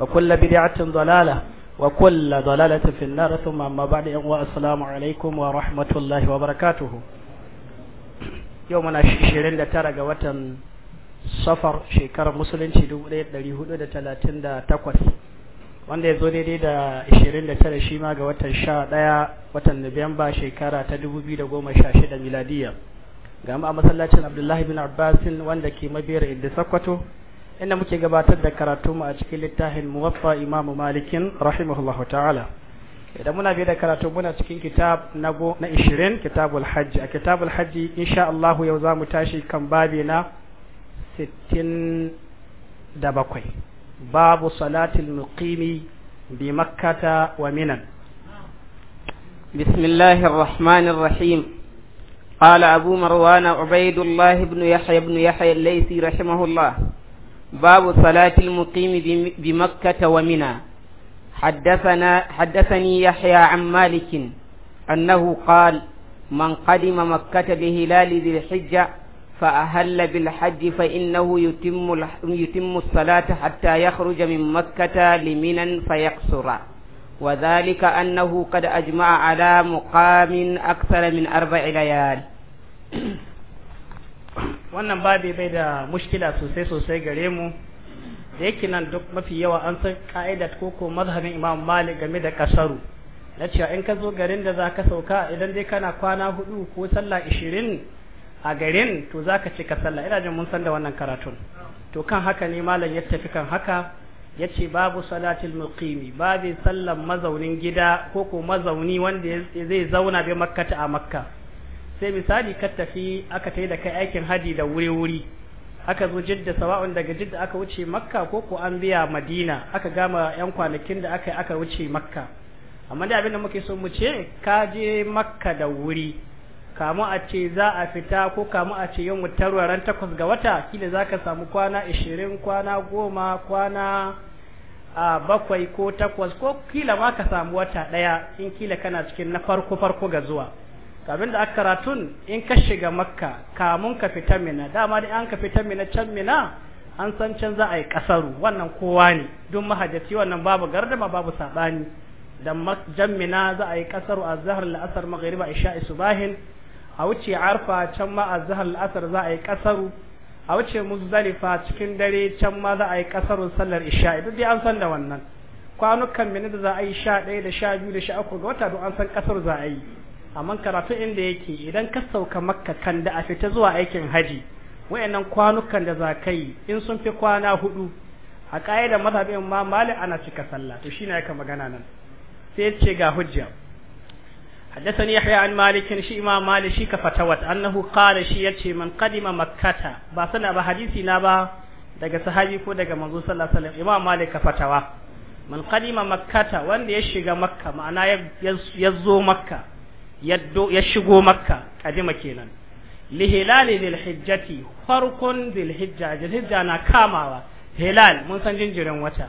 وكل بدعة ضلالة وكل ضلالة في النار ثم أما بعد السلام عليكم ورحمة الله وبركاته يومنا شيرين لترى وطن safar shekarar musulunci 1438 wanda ya zo daidai da 29 shi ma ga watan 11 watan Nuwamba shekara ta 2016 miladiya ga a masallacin Abdullahi bin Abbasin wanda ke mabera inda Sokoto inda muke gabatar da karatu mu a cikin littafin muwaffa imam malikin rahimahullah ta'ala idan muna bi da karatu muna cikin kitab na go na 20 kitabul hajji a kitabul hajji insha Allah yau za mu tashi kan babi na 67 babu salatil muqimi bi makkata wa minan bismillahir rahmanir rahim قال أبو مروان عبيد الله بن يحيى بن يحيى الليثي رحمه الله باب صلاة المقيم بمكة ومنى حدثنا حدثني يحيى عن مالك أنه قال من قدم مكة بهلال ذي الحجة فأهل بالحج فإنه يتم يتم الصلاة حتى يخرج من مكة لمنى فيقصر وذلك أنه قد أجمع على مقام أكثر من أربع ليال wannan babi bai da mushkila sosai sosai gare mu da yake nan duk mafi yawa an san ka'ida ko ko mazhabin imam malik game da kasaru na cewa in ka zo garin da za ka sauka idan dai kana kwana hudu ko sallah ishirin a garin to za ka ka sallah ina jin mun san da wannan karatun to kan haka ne malam ya tafi kan haka ya ce babu salatul muqimi babu sallan mazaunin gida ko ko mazauni wanda zai zauna bai makkata a makka sai misali ka tafi aka tai da kai aikin haji da wuri-wuri aka zo jidda sawa'un daga jidda aka wuce makka ko ko an biya madina aka gama yan kwanakin da aka aka wuce makka amma da abinda muke so mu ce ka je makka da wuri kamu a ce za a fita ko kamu a ce yau mu tarwaran takwas ga wata kila za ka samu kwana ishirin kwana goma kwana a bakwai ko takwas ko kila ma ka samu wata ɗaya in kila kana cikin na farko farko ga zuwa kamin da aka karatun in ka shiga makka kamun ka fita mina dama da an ka fita mina can mina an san can za a yi kasaru wannan kowa ne don mahajjaci wannan babu gardama babu sabani da jan mina za a yi kasaru a zahar la'asar maghriba isha isubahin a wuce arfa can ma a zahar la'asar za a yi kasaru a wuce muzdalifa cikin dare can ma za a yi kasaru sallar isha duk dai an san da wannan kwanukan mina da za a yi sha ɗaya da sha biyu da sha uku ga wata don an san kasar za a yi amma karatu inda yake idan ka sauka makka kan da a fita zuwa aikin haji wayannan kwanukan da za ka yi in sun fi kwana hudu a ƙa'idar mazhabin ma malik ana cika sallah to shine yake magana nan sai ce ga hujja yahya an malik shi imam malik shi ka كفتوت annahu qala shi yace man qadima makkata ba sana ba hadisi na ba daga sahabi ko daga manzo sallallahu alaihi wasallam imam malik fatawa man qadima makkata wanda ya shiga makka ma'ana ya zo makka ya shigo makka kadima kenan lihilali hilali lil hijjati farkon dil hijja dil hijja na kamawa hilal mun san jinjirin wata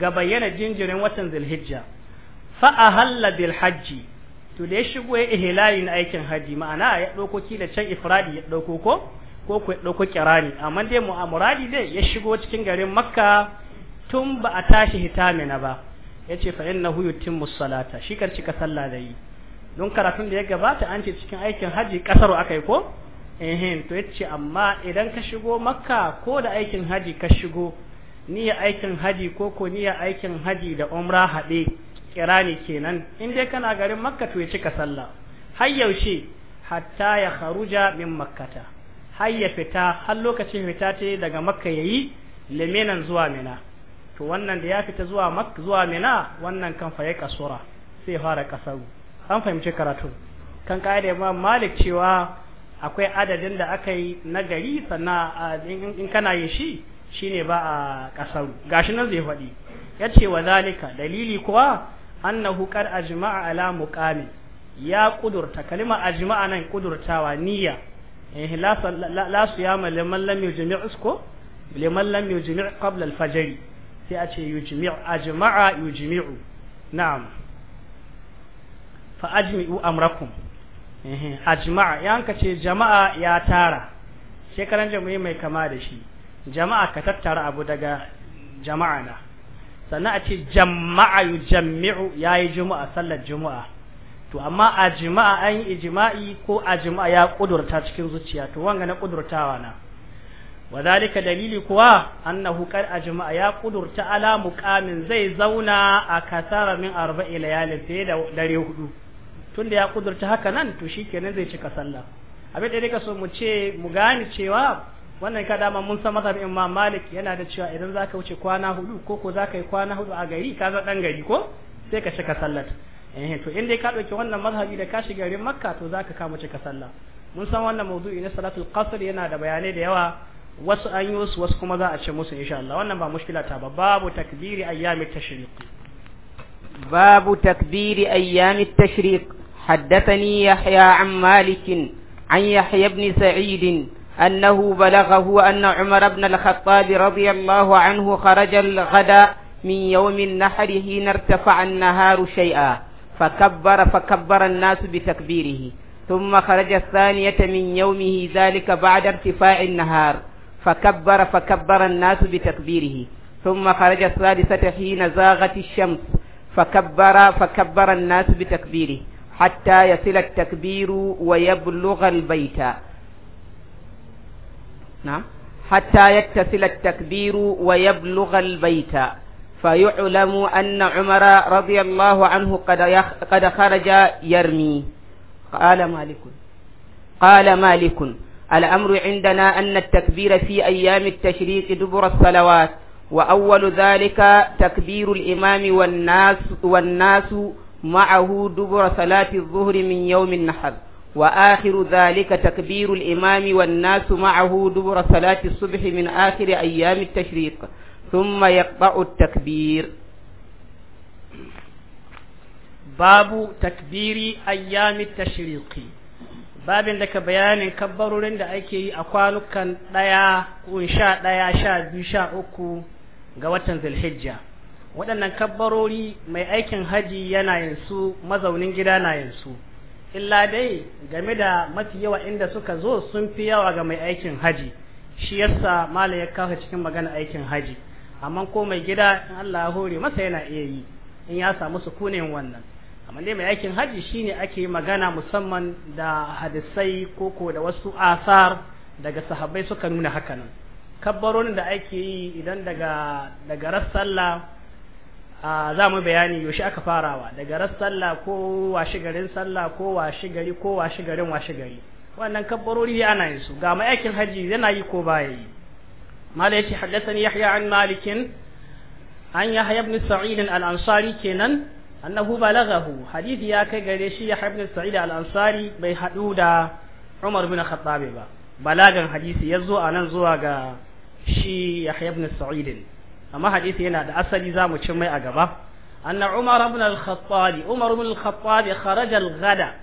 ga bayyana jinjirin watan dil hijja fa ahalla bil hajji to da ya shigo ya ihlali na aikin haji ma'ana ya dauko kila can ifradi ya dauko ko ko ku ya dauko kirani amma dai mu amuradi dai ya shigo cikin garin makka tun ba a tashi hitamina ba yace fa innahu yutimmu salata shi kan cika sallah da yi don karatun da ya gabata an ce cikin aikin haji aka yi ko ehin to yace amma idan ka shigo makka ko da aikin haji ka shigo niyya aikin haji ko ko niyya aikin haji da umra haɗe kirani kenan in dai kana garin makka to ya cika sallah har yaushe hatta ya kharuja min makkata har ya fita har lokacin fita ta daga makka yayi liminan zuwa mina to wannan da ya fita zuwa makka zuwa mina wannan kan fa ya kasura sai fara kasaru an fahimci karatu kan ka'ida ma malik cewa akwai adadin da aka yi na gari sannan in kana yin shi shine ba a ƙasar gashi nan zai faɗi ya ce wa zalika dalili kuwa an annahu qad ajma'a ala muƙami ya kudurta kalima jima'a nan kudurtawa niyya lasu ya ma liman lam yujmi' usko liman lam yujmi' qabla alfajari sai a ce jima'a yi yujmi'u na'am fa ajmi'u amrakum ajma'a yanka ce jama'a ya tara shekaran jami'i mai kama da shi jama'a ka tattara abu daga jama'a na sannan a ce jama'a yu jami'u ya yi juma'a sallar juma'a to amma a jima'a an yi ijima'i ko a jima'a ya kudurta cikin zuciya to wanga na kudurtawa na wa zalika dalili kuwa annahu a ajma'a ya kudurta ala muqamin zai zauna a kasara min arba'i layalin fiye da dare hudu tunda ya kudurta haka nan to shi kenan zai cika sallah abin da ka so mu ce mu gane cewa wannan ka dama mun san mazhabin Imam Malik yana da cewa idan zaka wuce kwana hudu ko ko zaka yi kwana hudu a gari ka za dan gari ko sai ka cika sallar eh to in dai ka dauki wannan mazhabi da ka shiga garin Makka to zaka kama cika sallah mun san wannan mawdu'i na salatul qasr yana da bayanai da yawa wasu an yi wasu wasu kuma za a ce musu insha Allah wannan ba mushkila ta ba babu takbiri ayyamit tashriq babu takbiri ayyamit tashriq حدثني يحيى عن مالك عن يحيى بن سعيد أنه بلغه أن عمر بن الخطاب رضي الله عنه خرج الغداء من يوم النحر حين ارتفع النهار شيئا فكبر فكبر الناس بتكبيره ثم خرج الثانية من يومه ذلك بعد ارتفاع النهار فكبر فكبر الناس بتكبيره ثم خرج الثالثة حين زاغت الشمس فكبر فكبر الناس بتكبيره حتى يصل التكبير ويبلغ البيت نعم حتى يتصل التكبير ويبلغ البيت فيعلم أن عمر رضي الله عنه قد, يخ قد خرج يرمي قال مالك قال مالك الأمر عندنا أن التكبير في أيام التشريق دبر الصلوات وأول ذلك تكبير الإمام والناس, والناس معه دبر صلاة الظهر من يوم النحر وآخر ذلك تكبير الإمام والناس معه دبر صلاة الصبح من آخر أيام التشريق ثم يقطع التكبير باب تكبير أيام التشريق babin da ka bayanin kabbarorin da ake yi a kwanukan ɗaya ko sha ɗaya sha biyu sha uku ga watan zulhijja waɗannan kabbarori mai aikin haji yana yin mazaunin gida na yansu illa dai game da mafi yawa inda suka zo sun fi yawa ga mai aikin haji shi yasa mala ya kawo cikin magana aikin haji amma ko mai gida in Allah ya hore masa yana iya yi in ya samu sukunin wannan amma dai mai aikin haji shine ake magana musamman da hadisai koko da wasu asar daga sahabbai suka nuna hakanan kabbaronin da ake yi idan daga daga sallah za mu bayani yaushe aka farawa daga ras sallah ko washi garin sallah ko washi gari ko washi garin washi gari wannan kabbarori ana yin su ga ma'aikin hajji haji yana yi ko baya yi mala yace haddathani yahya an malikin an yahya ibn sa'id al-ansari kenan annahu balaghahu hadisi ya kai gare shi yahya ibn sa'id al-ansari bai hadu da umar ibn khattab ba balagan hadisi ya yazo anan zuwa ga shi yahya ibn sa'id amma hadisi yana da asali za mu cin mai a gaba anna umar ibn al-khattab umar ibn al-khattab kharaja al-ghada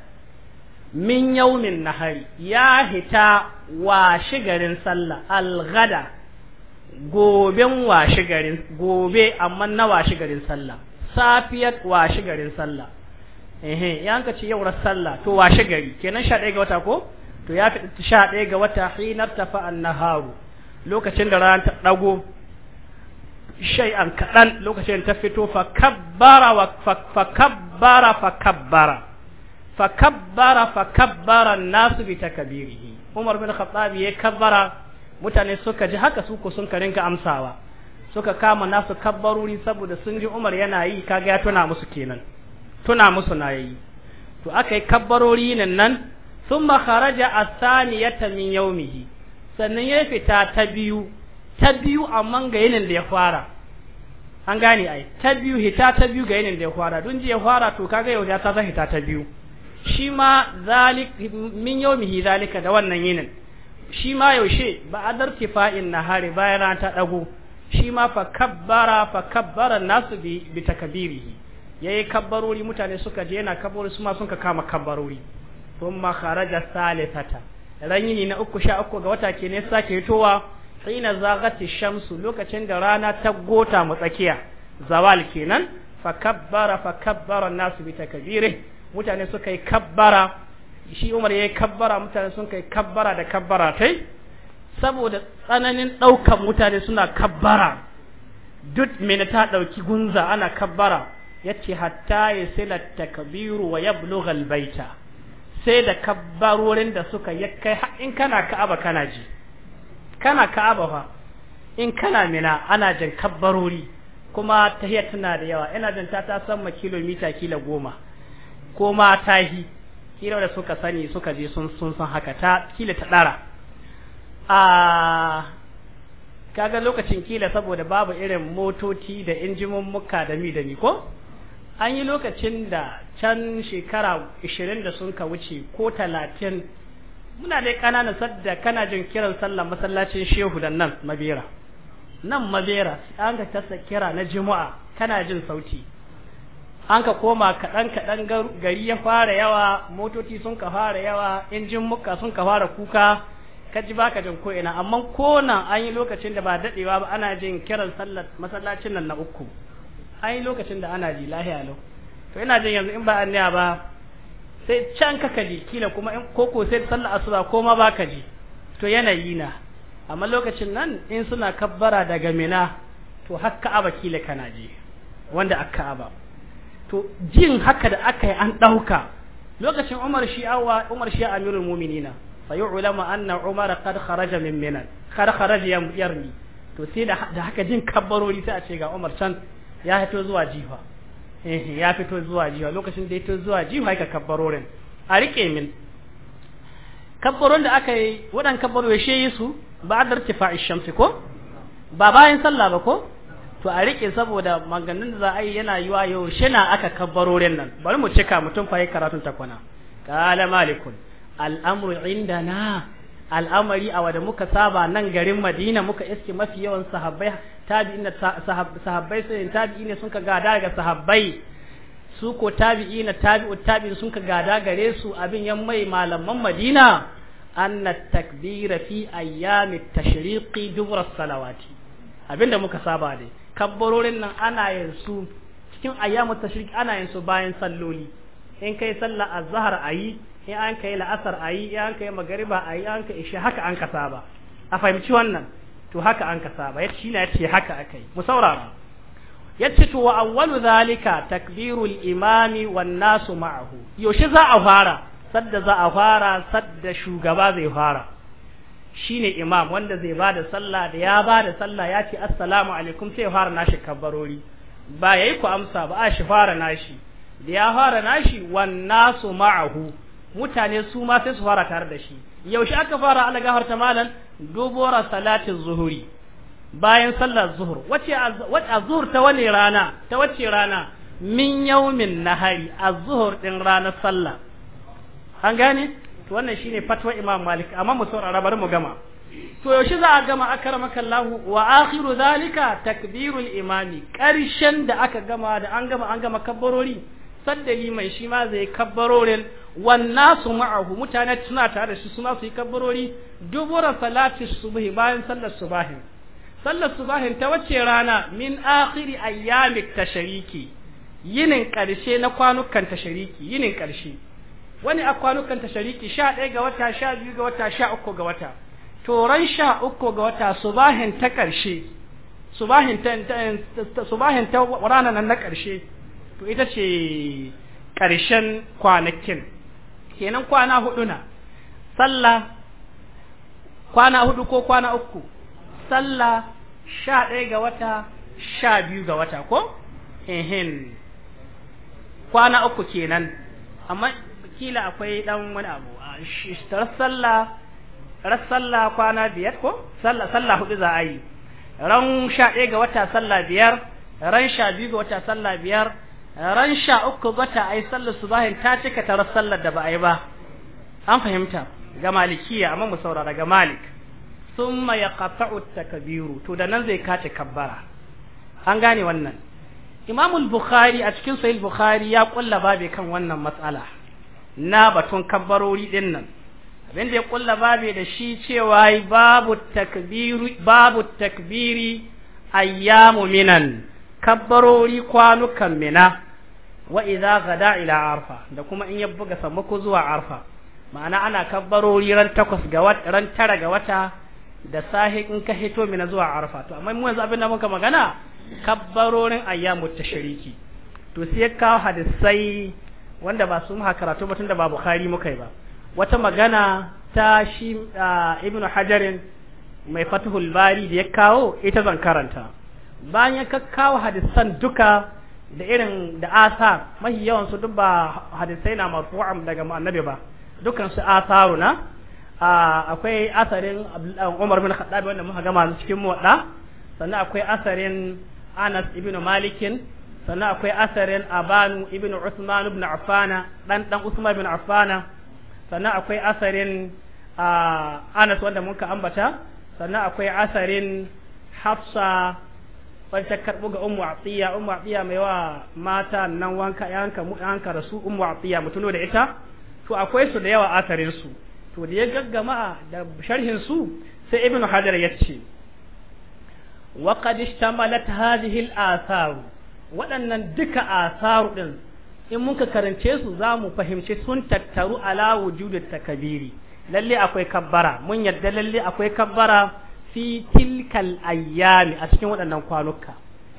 min yawmin nahari ya hita washi garin sallah al-ghada goben washi garin gobe amma na washi garin sallah safiyat washi garin sallah ehe yanka ce yau sallah to washi gari kenan 11 ga wata ko to ya fi 11 ga wata hinar tafa an-naharu lokacin da ran ta dago shay'an kaɗan lokacin ta fito fa kabbara wa fa kabbara fa kabbara fa kabbara fa kabbara nasu bi takabirihi Umar bin Khattab ya kabbara mutane suka ji haka su ko sun ka rinka amsawa suka kama nasu kabbaruri saboda sun ji Umar yana yi kaga ya tuna musu kenan tuna musu na yi to aka yi kabbarori nan nan thumma kharaja as-saniyata min yawmihi sannan ya fita ta biyu ta biyu amma ga yinin da ya fara an gane ai ta biyu hita ta biyu ga yanayin da ya fara don ji ya fara to kaga yau ya ta hita ta biyu shi ma zalik min mihi zalika da wannan yinin shi ma yaushe ba adar na nahari bayan rana ta dago shi ma fa kabbara fa kabbara nasu bi, bi takabirihi yayi kabbarori mutane suka je yana kabbarori su ma sun ka kama kabbarori thumma kharaja salifata ran yini na uku sha uku ga wata ke ne sake fitowa hina zagati shamsu lokacin da rana ta gota mu tsakiya zawal kenan fa kabbara fa kabbara nasu bi takbire mutane suka yi kabbara shi Umar yayi kabbara mutane sun kai kabbara da kabbara tai saboda tsananin daukan mutane suna kabbara duk mene ta dauki gunza ana kabbara yace hatta yasila takbiru wa yablugha albayta sai da kabbarorin da suka yakkai in kana ka'aba kana ji kana ka'aba fa in kana mina ana jan kabbarori kuma tahiyar tana da yawa ina jan ta ta ma kilomita kila goma ko ma tahi kila da suka sani suka je sun sun san haka ta kila ta dara a kaga lokacin kila saboda babu irin motoci da injimin muka da mi da mi ko an yi lokacin da can shekara 20 da sun ka wuce ko 30 muna dai kanana sadda kana jin kiran sallar masallacin shehu da nan mabera nan mabera an ka tasa kira na juma'a kana jin sauti an ka koma kaɗan kaɗan gari ya fara yawa motoci sun ka fara yawa injin muka sun ka fara kuka ka ji baka jin ko ina amma ko nan an yi lokacin da ba daɗewa ba ana jin kiran sallar masallacin nan na uku an yi lokacin da ana ji lahiya lau to ina jin yanzu in ba an ba sai can ka kaji kila kuma in koko sai sallar asuba ko ma ka ji to yanayi na amma lokacin nan in suna kabbara daga mina to har ka'aba kila kana ji wanda a ka'aba to jin haka da aka yi an ɗauka lokacin umar shi awa umar shi amirul muminina fa an anna umar qad kharaja min mina kar kharaja yarmi to sai da haka jin kabbarori sai a ce ga umar can ya fito zuwa jifa eh ya fito zuwa jiwa lokacin da ya fito zuwa jiwa ya kabbarorin a rike min kabbaron da aka yi waɗan kabbaro ya sheyi su ba a darci fa'i shamsi ko ba bayan sallah ba ko to a rike saboda maganin da za a yi yana yiwa yau shina aka kabbarorin nan bari mu cika mutum fa yi karatun takwana kala malikun al'amru indana al'amari a wadda muka saba nan garin Madina muka iske mafi yawan sahabbai na sahabbai sun ne sun ka gada daga sahabbai su ko tabi'ina tabi'u tabi'in sun ka gada gare su abin yan mai malaman Madina anna takbira fi ayyami tashriqi dubra salawati abinda muka saba dai kabbarorin nan ana yin su cikin ayyamu tashriqi ana yin su bayan salloli in kai sallar azhar ayi in an kai la'asar a yi an kai magariba a yi an kai ishe haka an kasa ba a fahimci wannan to haka an kasa ba shi na haka a kai mu saurara ya ce to awwalu zalika takbirul imami wan nasu ma'ahu yaushe za a fara sadda za a fara sadda shugaba zai fara shine imam wanda zai bada sallah da ya bada sallah ya ce assalamu alaikum sai fara nashi kabbarori ba yayi ku amsa ba a shi fara nashi da ya fara nashi wan nasu ma'ahu mutane su ma sai su fara tare da shi yaushe aka fara ala ta malan dubora salatin zuhuri bayan sallar zuhur wace zuhur ta wani rana ta wace rana min yaumin nahari zuhur din ranar sallah an gane to wannan shine fatwa imam malik amma mu saurara bari mu gama to yaushe za a gama akramaka Allah wa akhiru zalika takbirul imami karshen da aka gama da an gama an gama kabbarori sadda liman shi ma zai kabbarorin والناس معه متانة سنة تارش سنة يكبروني دبر صلاة الصبح باين صلى الصباح صلى الصباح توجه رانا من آخر أيام التشريكي yinin karshe na kwanukan tashariki yinin karshe wani a kwanukan tashariki sha ga wata sha biyu ga wata sha uku ga wata toran sha uku ga wata subahin ta ƙarshe subahin ta subahin ta nan na karshe to ita ce ƙarshen kwanakin kenan kwana hudu na sallah kwana hudu ko kwana uku sallah sha ɗaya ga wata sha biyu ga wata ko ehen kwana uku kenan amma kila akwai dan wani abu a sallah ran sallah kwana biyar ko sallah sallah hudu za a yi ran sha ɗaya ga wata sallah biyar ran sha biyu ga wata sallah biyar ran sha uku a ai sallar subahin ta cika tarar sallar da ba a yi ba an fahimta ga malikiya amma mu saurara ga malik summa yaqta'u takbiru to da nan zai kace kabbara an gane wannan imamul bukhari a cikin sahih bukhari ya kulla babe kan wannan matsala na batun kabbarori din nan abin da ya kulla babe da shi cewa babu takbiru babu takbiri ayyamu minan kabbarori kwanukan mina wa idza gada ila arfa da kuma in ya buga sammako zuwa arfa ma'ana ana kabbarori ran takwas ga wata ran tara ga wata da sahi in ka hito mina zuwa arfa to amma mu yanzu abin da muka magana kabbarorin ayyamu tashriki to sai ka hadisai wanda ba su muka karatu ba tunda ba bukhari muka yi ba wata magana ta shi ah, ibnu hajarin mai fatuhul bari da ya kawo ita zan karanta bayan ya kawo hadisan duka da irin da asar mahi yawan su duk ba hadisai na marfu'an daga annabi ba dukkan su asaru na akwai asarin Umar bin Khattab wanda muka gama cikin muwadda sannan akwai asarin Anas ibn Malikin sannan akwai asarin Abanu ibn Usman ibn afana dan dan Usman ibn afana sannan akwai asarin Anas wanda muka ambata sannan akwai asarin Hafsa wani ta karɓo ga ummu atiya ummu atiya mai wa mata nan wanka yanka mu yanka rasu ummu atiya mutuno da ita to akwai su da yawa asarin su to da ya gaggama da sharhin su sai ibnu hajar yace wa qad ishtamalat hadhihi al-athar waɗannan duka asaru din in muka karance su za mu fahimci sun tattaru ala wujudi takabiri lalle akwai kabbara mun yadda lalle akwai kabbara fi tilkal ayyami a cikin waɗannan kwanuka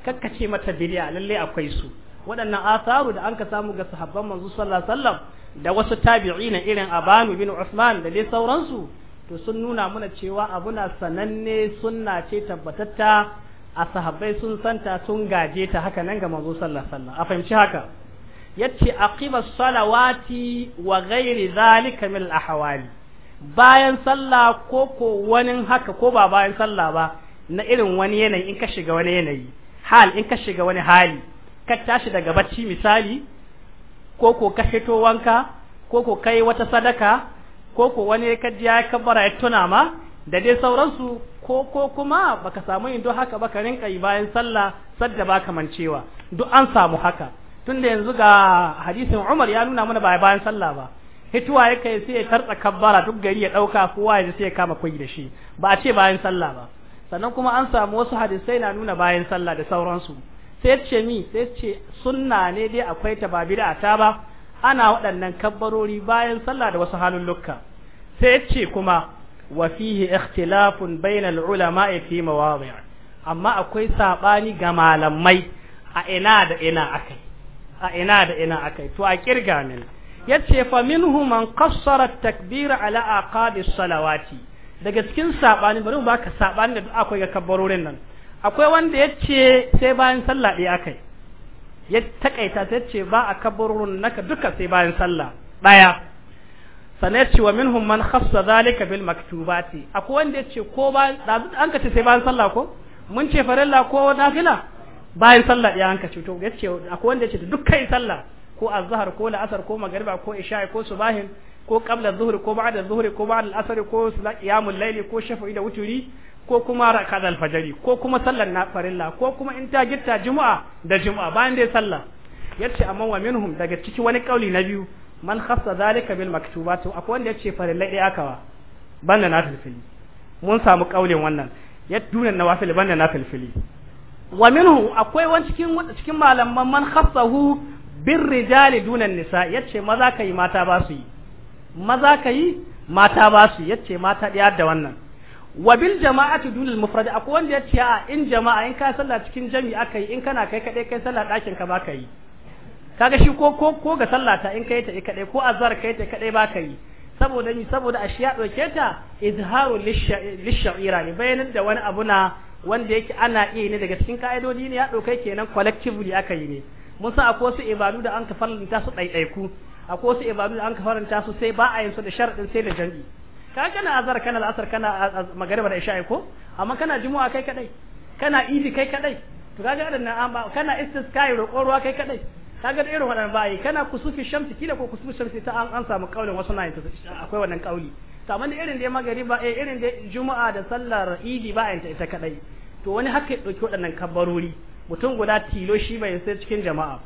kakka ce mata bidiya lalle akwai su waɗannan asaru da anka samu ga sahabban manzo sallallahu alaihi wasallam da wasu tabi'ina irin Abanu bin usman da dai sauransu to sun nuna mana cewa abuna sananne sunna ce tabbatatta a sahabbai sun santa sun gaje ta haka nan ga manzo sallallahu alaihi wasallam a fahimci haka yace aqima salawati wa ghairi zalika min al ahwali bayan sallah ko ko wani haka ko ba bayan sallah ba na irin wani yanayi in ka shiga wani yanayi hal in ka shiga wani hali ka tashi daga bacci misali ko ko ka fito wanka ko ko kai wata sadaka ko ko wani ka ji ya kabbara ya tuna ma da dai sauransu ko ko kuma baka samu yin haka baka rinka yi bayan sallah sadda baka mancewa duk an samu haka tunda yanzu ga hadisin Umar ya nuna mana ba bayan sallah ba hituwa ya kai sai ya tarsa kabbara duk gari ya dauka kowa ya sai ya kama kwai da shi ba a ce bayan sallah ba sannan kuma an samu wasu hadisai na nuna bayan sallah da sauransu sai ce mi sai ce sunna ne dai akwai ta ba bid'a ta ba ana waɗannan kabbarori bayan sallah da wasu halulluka sai ce kuma wa fihi ikhtilafun bainal ulama'i fi mawadi' amma akwai sabani ga malamai a ina da ina akai a ina da ina akai to a kirga min yace fa minhu man qassara takbir ala aqabi salawati daga cikin saɓani bari mu baka sabani da akwai ga kabbarorin nan akwai wanda yace sai bayan sallah ɗaya akai ya takaita ta yace ba a kabbarorin naka duka sai bayan sallah daya sannan ce wa minhum man khassa zalika bil maktubati akwai wanda yace ko ba an ka ce sai bayan sallah ko mun ce farilla ko nafila bayan sallah ɗaya an ka ce to yace akwai wanda yace dukkan sallah ko azhar ko la'asar ko magariba ko isha ko subahin ko qabla zuhri ko ba'da zuhri ko ba'da al-asr ko qiyamul layli ko shafa'i da wuturi ko kuma rak'at da fajr ko kuma sallar nafarilla ko kuma in ta gitta juma'a da Jumu'a bayan dai sallah yace amma wa minhum daga ciki wani kauli na biyu man khassa zalika bil maktubat to akwai wanda yace farilla dai akawa banda na filfili mun samu kaulin wannan ya duna nawafil banda na filfili wa minhu akwai wani cikin cikin malaman man khassahu bin rijali dunan nisa yace maza kai mata ba su yi maza kai mata ba su yace mata ɗaya da wannan wa bil jama'ati dunal mufrad akwai wanda yace a in jama'a in ka sallah cikin jami'a kai in kana kai kadai kai sallah dakin ka ba ka kaga shi ko ko ko ga sallata in kai ta kadai ko azhar kai ta kadai ba ka saboda ni saboda a shiya ɗauke ta izharu lishaira ne bayanin da wani abu na wanda yake ana iya ne daga cikin ka'idodi ne ya ɗaukai kenan collectively aka yi ne mun san akwai wasu ibadu da an ka faranta su ɗaiɗaiku akwai wasu ibadu da an ka faranta su sai ba a yin su da sharaɗin sai da jam'i ka kana azar kana la'asar kana magariba da isha'i ko amma kana juma'a kai kadai kana idi kai kadai to kaga irin an ba kana istisqai roƙo ruwa kai kadai kaga da irin waɗannan bayi kana kusufi shamsi kila ko kusufi shamsi ta an an samu kaulin wasu na yin akwai wannan kauli to amma da irin da magariba eh irin da juma'a da sallar idi ba a yin ta ita kadai to wani haka ya ɗauki waɗannan kabarori mutum guda tilo shi bai sai cikin jama'a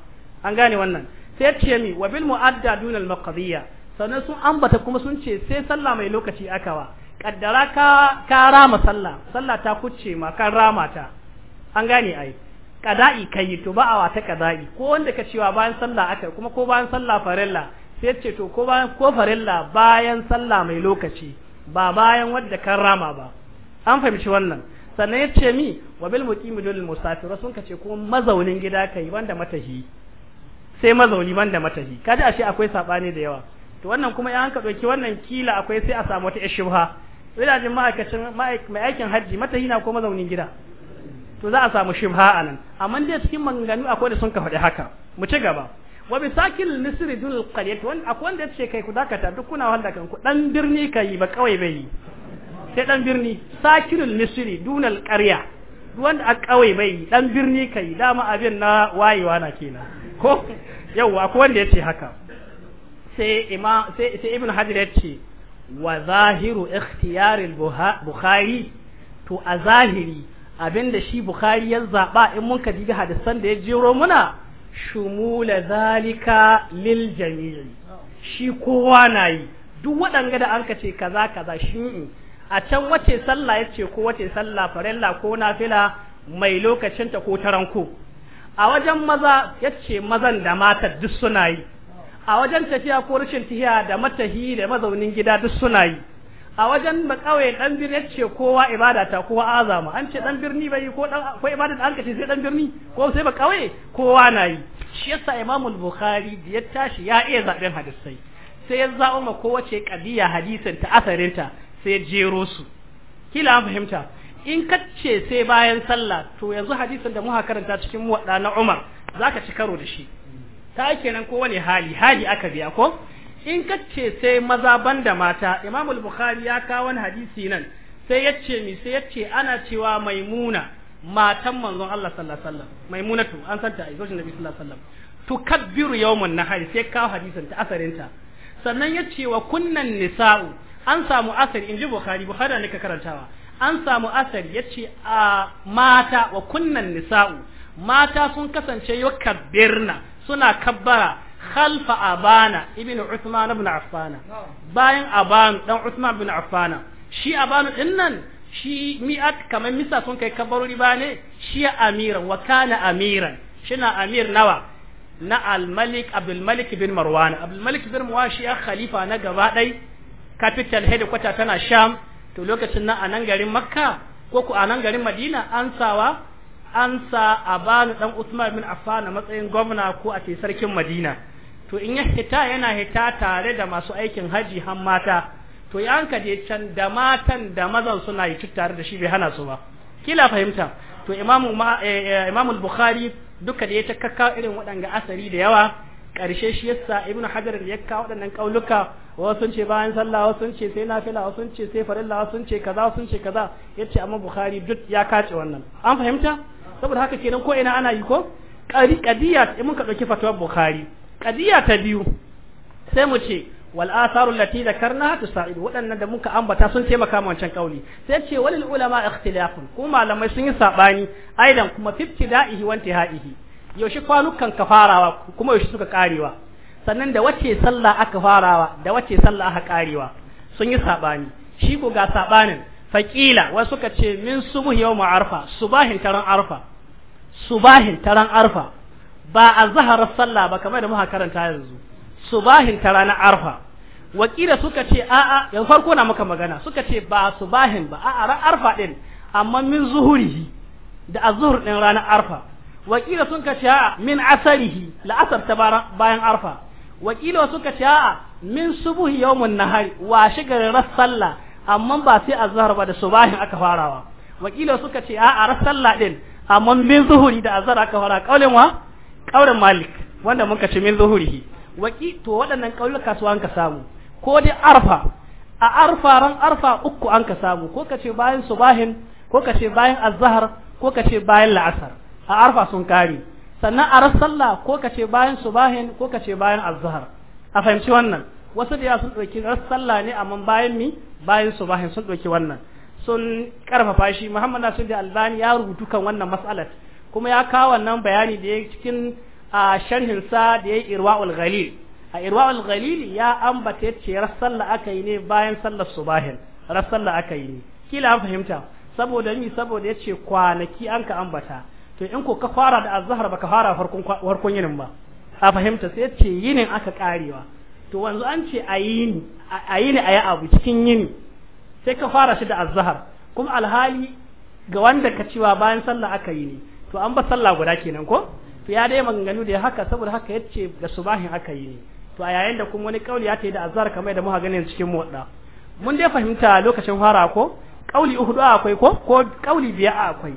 an gane wannan sai ce mi wa bil mu'adda dunal maqdiya sannan sun ambata kuma sun ce sai sallah mai lokaci aka kaddara ka ka rama sallah sallah ta kucce ma kan rama ta an gane ai kada'i kai to ba awa ta kada'i ko wanda ka cewa bayan sallah aka kuma ko bayan sallah farilla sai ce to ko bayan ko farilla bayan sallah mai lokaci ba bayan wadda kan rama ba an fahimci wannan sannan ya ce mi wa bil muqimi dole musafir sun kace ko mazaunin gida kai banda matahi sai mazauni banda matahi kaji ashe akwai sabani da yawa to wannan kuma ya hanka doki wannan kila akwai sai a samu wata shubha ina jin ma'aikacin mai aikin hajji matahi na ko mazaunin gida to za a samu shibha anan amma dai cikin maganganu akwai da sun ka faɗi haka mu ci gaba wa bi sakil nisri dul qaryat wan akwai da yace kai ku dakata duk kuna wanda kan ku dan birni kai ba kawai bai sai dan birni sakirul misri dunal qarya wanda a kawai bai dan birni kai dama abin na wayewa na kenan ko yawa ko wanda yace haka sai ima sai sai ibn hajar yace wa zahiru ikhtiyar al-bukhari to a zahiri abinda shi bukhari ya zaba in mun ka diga hadisan da ya jiro muna shumula zalika lil jami'i shi kowa nayi duk waɗanga da an ka ce kaza kaza shi a can wace sallah ya ce ko wace sallah farilla ko nafila mai lokacinta ko taranko a wajen maza ya ce mazan da matar duk suna yi a wajen tafiya ko rashin tafiya da matahi da mazaunin gida duk suna yi a wajen ba kawai dan birni ya ce kowa ibada ta kowa azama an ce dan birni bai yi ko ibada da alkaci sai dan birni ko sai ba kawai kowa na yi shi yasa imamu Bukhari da ya tashi ya iya zaben hadisai sai ya zaɓo ma kowace kadiya hadisin ta asarinta sai jero su kila an fahimta in ka ce sai bayan sallah to yanzu hadisin da muka karanta cikin muwadda na Umar zaka ci karo da shi ta kenan ko wani hali hali aka biya ko in ka ce sai maza banda mata Imam al-Bukhari ya kawo wani hadisi nan sai ya ce mi sai ya ana cewa maimuna matan manzon Allah sallallahu alaihi wasallam maimunatu an santa a zojin Nabi sallallahu alaihi wasallam kabbiru yawmun nahar sai kawo hadisin ta asarin ta sannan ya ce wa kunnan nisa'u an samu asari inji bukhari bukhari ne ka karantawa an samu asari ce a mata wa kunnan nisa'u mata sun kasance yukabbirna suna kabbara khalfa abana ibnu usman ibn affana bayan aban dan usman ibn affana shi abanu nan shi mi'at kamar misa sun kai kabarori ba ne shi amiran wa kana amiran shi na amir nawa na al-malik abdul malik bin marwan abdul malik bin marwan shi ya khalifa na gaba dai capital headquarter tana sham to lokacin nan a nan garin makka ko ku a nan garin madina an sawa an sa a bani dan usman bin affan a matsayin gwamna ko a ce sarkin madina to in ya hita yana hita tare da masu aikin haji han mata to ya anka je can da matan da mazan suna yi tare da shi bai hana su ba kila fahimta to imamu ma, eh, eh, bukhari duka da ya ta kakka irin wadanga asari da yawa karshe shi yasa ibnu hajar ya kawo waɗannan kauluka wasu sun ce bayan sallah wasu sun ce sai nafila wasu sun ce sai farilla wasu sun ce kaza wasu sun ce kaza yace amma bukhari duk ya kace wannan an fahimta saboda haka kenan ko ina ana yi ko ƙadiyya in ka ɗauki fatawar bukhari ƙadiyya ta biyu sai mu ce wal atharu allati dhakarnaha tusaid waɗannan da muka ambata sun taimaka ma wancan kauli sai ce walil ulama ikhtilafun kuma malamai sun yi sabani aidan kuma fiftida'ihi wa intihaihi yaushe kwanukan ka farawa kuma yaushe suka karewa sannan da wace sallah aka farawa da wace sallah aka karewa sun yi sabani shi ko ga sabanin faqila wasu suka ce min subuh yawm arfa subahin taran arfa subahin taran arfa ba azhar sallah ba kamar da muka karanta yanzu subahin taran arfa wakila suka ce a'a yan farko na muka magana suka ce ba subahin ba a'a ran arfa din amma min zuhuri da azhur din ranar arfa wakila sun ka sha'a min asarihi la'asar ta bayan arfa wakila sun ka sha'a min subuhi yawmun nahari wa shigar sallah amma ba sai azhar ba da subahin aka farawa wakila suka ce a'a ras sallah din amma min zuhuri da azhar aka fara kaulin wa kaulin malik wanda muka ce min zuhurihi waki to waɗannan kauluka su an ka samu ko dai arfa a arfa ran arfa uku an ka samu ko ka ce bayan subahin ko ka ce bayan azhar ko ka ce bayan la'asar a arfa sun kare sannan a rasu sallah ko ka ce bayan subahin ko ka ce bayan azhar a fahimci wannan wasu da ya sun ɗauki rasu sallah ne amma bayan mi bayan subahin sun ɗauki wannan sun karfafa shi Muhammad Nasir da Albani ya rubutu kan wannan mas'alar kuma ya kawo wannan bayani da ya cikin a sharhin sa da ya Irwaul Ghalil a Irwaul Ghalil ya ambata yace sallah aka yi ne bayan sallar subahin sallah aka yi ne kila an fahimta saboda ni saboda yace kwanaki an ka ambata to in ko ka fara da azhar baka fara farkon farkon yinin ba a fahimta sai yace yinin aka karewa to wanzu an ce a ayini ayi abu cikin yini sai ka fara shi da azhar kuma alhali ga wanda ka cewa bayan sallah aka yi ne to an ba sallah guda kenan ko to ya dai maganganu da haka saboda haka yace da subahin aka yi ne to a yayin da kuma wani kauli ya yi da azhar kamar da muka ganin cikin muwadda mun dai fahimta lokacin fara ko kauli uhudu akwai ko ko kauli biya akwai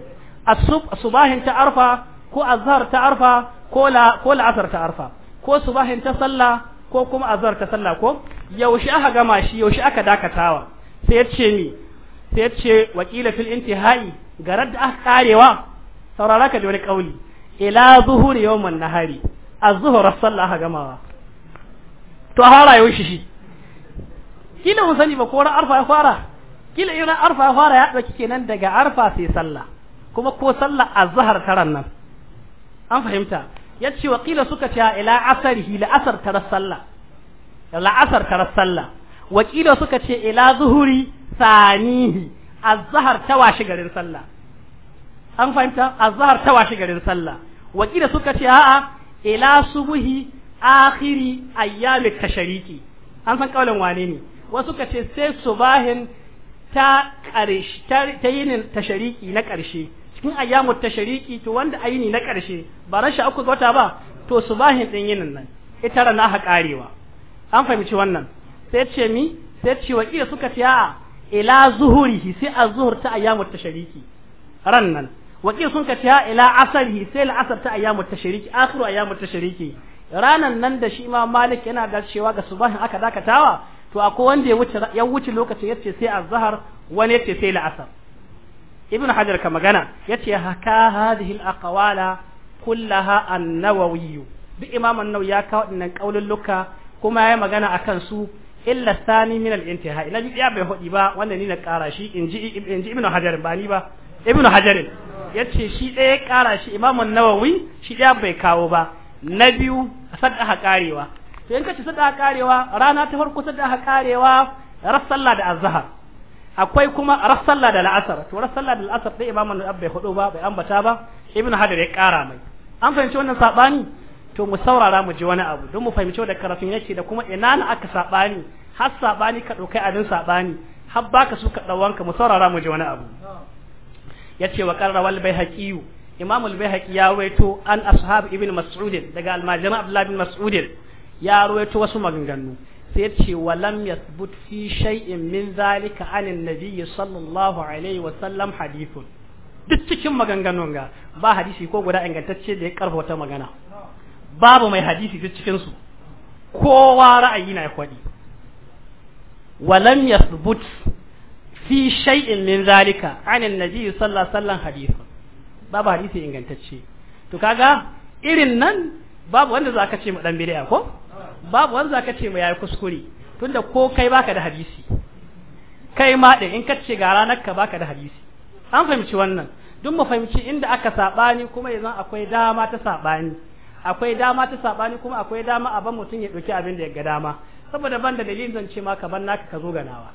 subahin ta arfa ko azhar ta arfa ko la ko la'asar ta arfa ko subahin ta sallah ko kuma azhar ta sallah ko yaushe aka gama shi yaushe aka dakatawa sai ya ce ni sai ya ce wakila fil intihai garar da aka karewa saurara ka da wani kauli ila zuhur yawmun nahari az-zuhur sallah aka gamawa to hara yaushe shi kila mun sani ba ko arfa ya fara kila ina arfa ya fara ya dauki kenan daga arfa sai sallah kuma ko sallar azhar taran nan an fahimta yace wa qila suka ce ila asarihi la asar taras sallah la asar taras sallah wa qila suka ce ila zuhuri sanihi azhar ta washi garin sallah an fahimta azhar ta washi garin sallah wa qila suka ce a'a ila subuhi akhiri ayyami tashariki an san kaulin wane ne wasu ka ce sai subahin ta ƙarshe ta yinin tashariki na ƙarshe cikin ayyamu tashariki to wanda aini na karshe ba ran sha uku ga wata ba to subahin din yinin nan ita rana ha karewa an fahimci wannan sai ce mi sai ce wa iya suka tiya ila zuhurihi sai azhur ta ayyamu tashariki ran nan wa iya sun ka tiya ila asarihi sai al'asar ta ayyamu tashariki akhiru ayyamu tashariki ranan nan da shi ma malik yana da cewa ga subahin aka dakatawa to akwai wanda ya wuce ya wuce lokacin yace sai azhar wani yace sai la'asar ibn hajar ka magana yace haka hadhihi al-aqwala kullaha an-nawawi duk imam an-nawawi ya kawo dinnan kaulin luka kuma ya magana akan su illa sani min al-intihai na ya bai hudi ba wannan ni na kara shi inji inji ibn hajar ba ni ba ibn hajar yace shi ɗaya ya kara shi imam an-nawawi shi ɗaya bai kawo ba na biyu sadda karewa to in ka ci sadda karewa rana ta farko sadda karewa ras sallah da azhar akwai kuma rasalla da la'asar to rasalla da la'asar dai imamu da bai hudu ba bai ambata ba ibnu hadar ya kara mai an fahimci wannan sabani to mu saurara mu ji wani abu don mu fahimci da karafin yake da kuma ina na aka sabani har sabani ka daukai abin sabani har baka su ka dawanka mu saurara mu ji wani abu yace wa qarra wal baihaqi imamu al baihaqi ya waito an ashab ibn mas'ud daga al majma abdullah ibn mas'ud ya waito wasu maganganu sai ce walam yasbut fi shay'in min zalika anin nabiyyi sallallahu alaihi wa sallam hadithun duk cikin maganganun ga ba hadisi ko guda ingantacce da ya karfa wata magana babu mai hadisi duk cikin su kowa ra'ayi na ya kwadi walam yasbut fi shay'in min zalika anin nabiyyi sallallahu alaihi sallam hadithun babu hadisi ingantacce to kaga irin nan babu wanda zaka ce mu dan bid'a ko babu wanda zaka ce mai yayi kuskure tunda ko kai baka da hadisi kai ma din in ka ce ga ranar ka baka da hadisi an fahimci wannan duk mu fahimci inda aka sabani kuma yanzu akwai dama ta sabani akwai dama ta sabani kuma akwai dama a ban mutum ya dauki abin da ya ga dama saboda ban da dalilin zan ce ma ka ban naka ka zo ganawa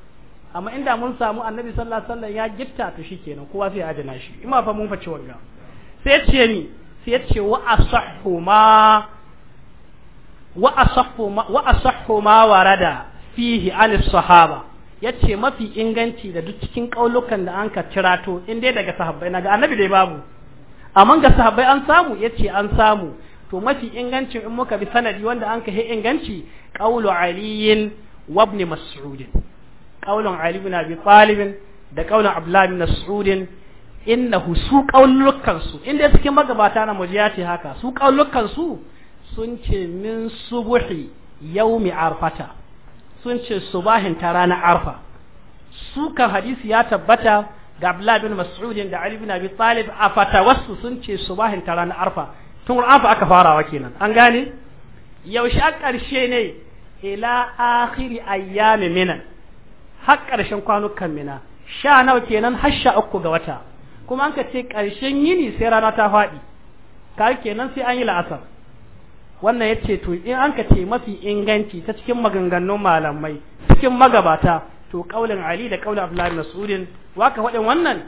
amma inda mun samu annabi sallallahu alaihi wasallam ya gifta to shikenan kowa sai ya ajana shi ima fa mun faci wannan sai ya ce ni sai ya ce wa asahuma wa asahhu ma warada fihi anis sahaba yace mafi inganci da duk cikin kaulukan da an ka cirato in dai daga sahabbai naga annabi dai babu amma ga sahabbai an samu yace an samu to mafi ingancin in muka bi sanadi wanda an ka he inganci qaulu aliyin wa ibn mas'ud qaulun ali ibn abi talib da qaulun abdullah ibn mas'ud innahu su qaulukan su in dai cikin magabata na mujiyati haka su qaulukan su sun ce min subuhi yaumi arfata sun ce subahin ta rana arfa sukan hadisi ya tabbata ga Abdullah bin da Ali bin Abi Talib a wasu sun ce subahin ta ranar arfa tun arfa aka farawa kenan an gane yaushe a ƙarshe ne ila akhiri ayyami minan har ƙarshen kwanukan mina sha nawa kenan har sha uku ga wata kuma an ka ce ƙarshen yini sai rana ta faɗi ka kenan sai an yi la'asar wannan ya ce to in an ka ce mafi inganci ta cikin maganganun malamai cikin magabata to kaulin Ali da kaulin Abdullah ibn Mas'ud waka wadin wannan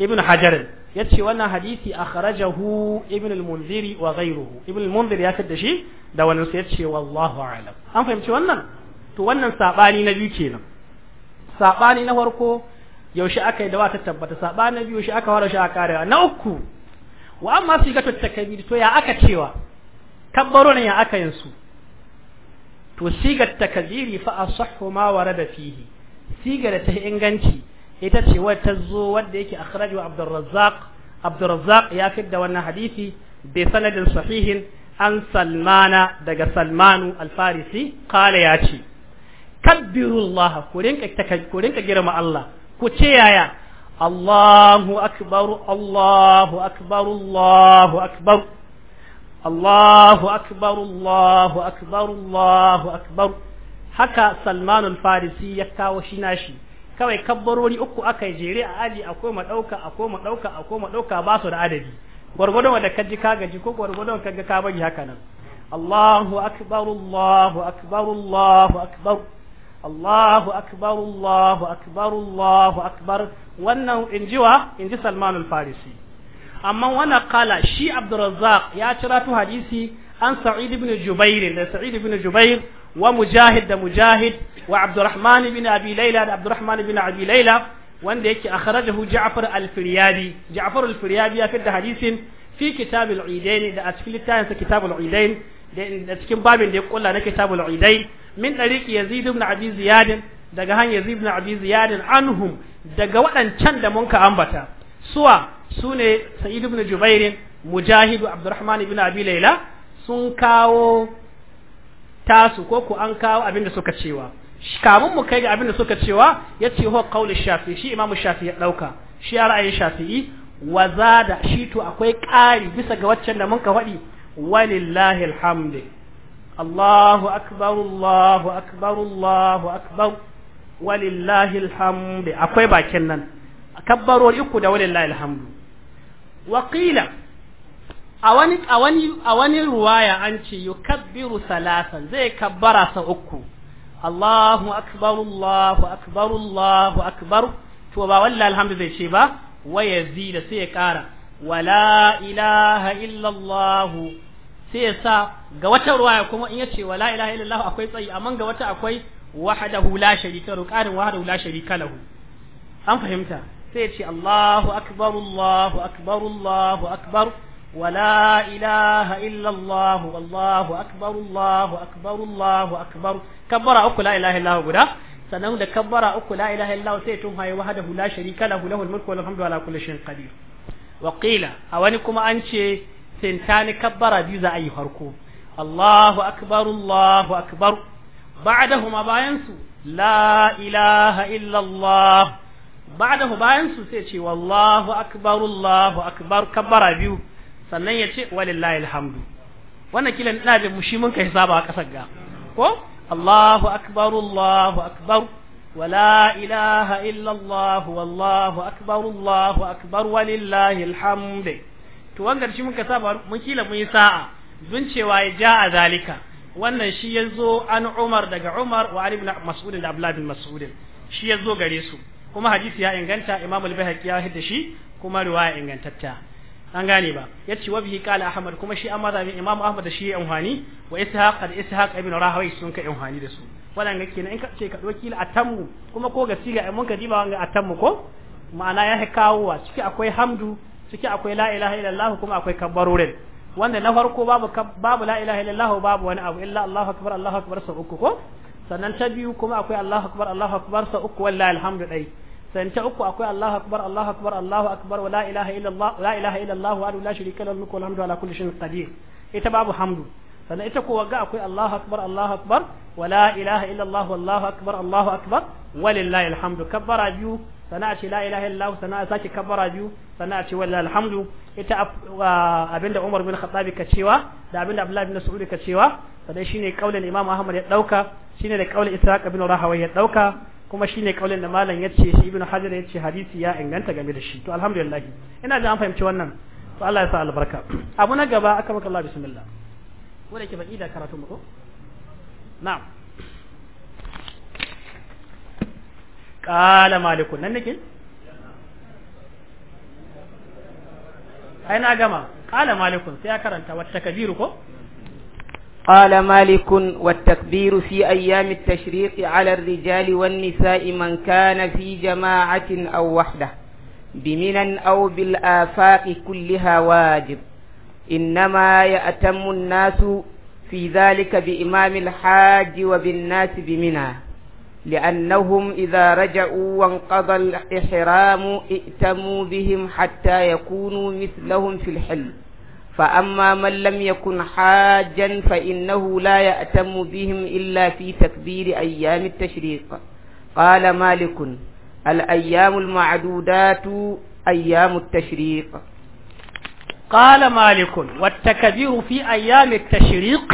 ibn Hajar ce wannan hadisi akhrajahu ibn al-Munziri wa ghayruhu ibn al-Munziri ya tada shi da wannan sai yace wallahu a'lam an fahimci wannan to wannan sabani na biyu kenan sabani na farko yaushe aka yi da wata tabbata sabani na biyu shi aka fara shi a karewa na uku wa amma sigatu takbir to ya aka cewa kabbaro ne ya aka yin su to sigar takaziri fa asahhu ma warada fihi sigar ta inganci ita ce wata zo wadda yake akhraju Abdurrazzaq Abdurrazzaq ya da wannan hadisi bi sanadin sahihin an Salmana daga Salmanu al-Farisi kala ya ce kabbirullah ku rinka girma Allah ku ce yaya Allahu akbar Allahu akbar Allahu akbar Allahu akbar Allahu akbar haka Salman farisi ya kawo shi na shi kawai kabbarori uku aka jere a aji akwai madauka akwai madauka akwai madauka ba su da adadi gwargwadon da kaji ka gaji ko gwargwadon kaga ka bari haka nan Allahu akbar Allahu akbar Allahu akbar Allahu akbar Allahu akbar Allahu akbar wannan injiwa inji Salman farisi amma wana kala shi abdurrazzaq ya cira tu hadisi an sa'id ibn jubair da sa'id ibn jubair wa mujahid da mujahid wa abdurrahman ibn abi laila da abdurrahman ibn abi laila wanda yake akhrajahu ja'far al-firyadi ja'far al-firyadi ya fitar da hadisin fi kitab al da a cikin littafin sa kitab al da cikin babin da ya kulla na kitab al-idain min dariqi yazid ibn abi ziyad daga han yazid ibn abi ziyad anhum daga waɗancan da mun ka ambata suwa su ne Sa'id ibn jubairin Mujahidu Abdurrahman ibn Abi Layla sun kawo tasu ko ku an kawo abinda suka cewa kamun mu kai ga abinda suka cewa yace ho qauli shafi shi Imam shafi ya dauka shi ra'ayin Shafi'i wa zada shi to akwai ƙari bisa ga waccan da mun ka faɗi walillahi alhamdu Allahu akbar Allahu akbar Allahu akbar walillahi alhamdu akwai bakin nan kabbarori uku da walillahi alhamdu wa a wani a wani a wani ruwaya an ce yukabbiru salasan zai kabbara sa uku Allahu akbar Allahu akbar Allahu akbar to ba wallahi alhamdu zai ce ba wa yazida sai ya kara wala ilaha illa Allah sai ya sa ga wata ruwaya kuma in yace wala ilaha illa Allah akwai tsayi amma ga wata akwai wahdahu la sharika lahu qarin wahdahu la sharika lahu an fahimta sai ce Allahu akbar Allahu akbar Allahu akbar wala ilaha illa Allah Allahu akbar Allahu akbar kabbara uku la ilaha illa guda sannan da kabbara uku la ilaha illa sai tun haye wahdahu la sharika lahu lahul mulku ala kulli shay'in qadir wa a wani kuma an ce sintani kabbara biyu za a yi farko Allahu akbar Allahu akbar ba'dahu ma bayansu la ilaha illa Allah ba'dahu bayan su sai ce wallahu akbar Allahu akbar kabbara biyu sannan ya ce walillahi alhamdu wannan kila ina mu shi mun kai saba a kasar ga ko Allahu akbar Allahu akbar ولا إله إلا الله والله أكبر الله أكبر ولله الحمد to wangar shi muka saba mun kila mun yi sa'a dun cewa ya ja a zalika wannan shi yazo an Umar daga Umar wa Ali ibn Mas'ud da Abdullah bin Mas'ud shi yazo gare su kuma hadisi ya inganta Imam al ya hidda shi kuma riwaya ingantatta an gane ba yace wa bihi qala Ahmad kuma shi amma zabi Imam Ahmad da shi ya hani wa Ishaq da Ishaq ibn Rahawai sun ka hani da su wannan ga kenan in ka ce ka doki atammu kuma ko ga siga mun ka diba wanga atammu ko ma'ana ya kawowa ciki akwai hamdu ciki akwai la ilaha illallah kuma akwai kabbarurin wanda na farko babu babu la ilaha illallah babu wani abu illa Allahu akbar Allahu akbar sa uku ko sannan ta biyu kuma akwai Allahu akbar Allahu akbar sa uku wallahi alhamdu dai sai ta uku akwai Allahu akbar Allahu akbar Allahu akbar wa la ilaha illa Allah la ilaha illa Allah wa la sharika lahu wa alhamdu ala kulli shay'in qadir ita babu hamdu sannan ita ko ga akwai Allahu akbar Allahu akbar wa la ilaha illa Allah wallahu akbar Allahu akbar walillahi alhamdu kabbara biyu sannan a ce la ilaha illa Allah sannan a sake kabbara biyu sannan a ce wallahi alhamdu ita abinda Umar bin Khattab ka cewa da abinda Abdullah bin Sa'ud ka cewa sannan shine kaulin Imam Ahmad ya dauka shine da kaulin Ishaq bin Rahawai ya dauka kuma shine kaulin da malam ya ce shi ibnu hajar ya ce hadisi ya inganta game da shi to alhamdulillah ina da an fahimci wannan to Allah ya sa albarka abu na gaba aka maka Allah bismillah ko da ke baki da karatu mu ko na'am qala malikun nan nake ai na gama qala malikun sai ya karanta wata kabiru ko قال مالك والتكبير في أيام التشريق على الرجال والنساء من كان في جماعة أو وحده بمنى أو بالآفاق كلها واجب إنما يأتم الناس في ذلك بإمام الحاج وبالناس بمنى لأنهم إذا رجعوا وانقضى الإحرام ائتموا بهم حتى يكونوا مثلهم في الحلم فأما من لم يكن حاجا فإنه لا يأتم بهم إلا في تكبير أيام التشريق قال مالك الأيام المعدودات أيام التشريق قال مالك والتكبير في أيام التشريق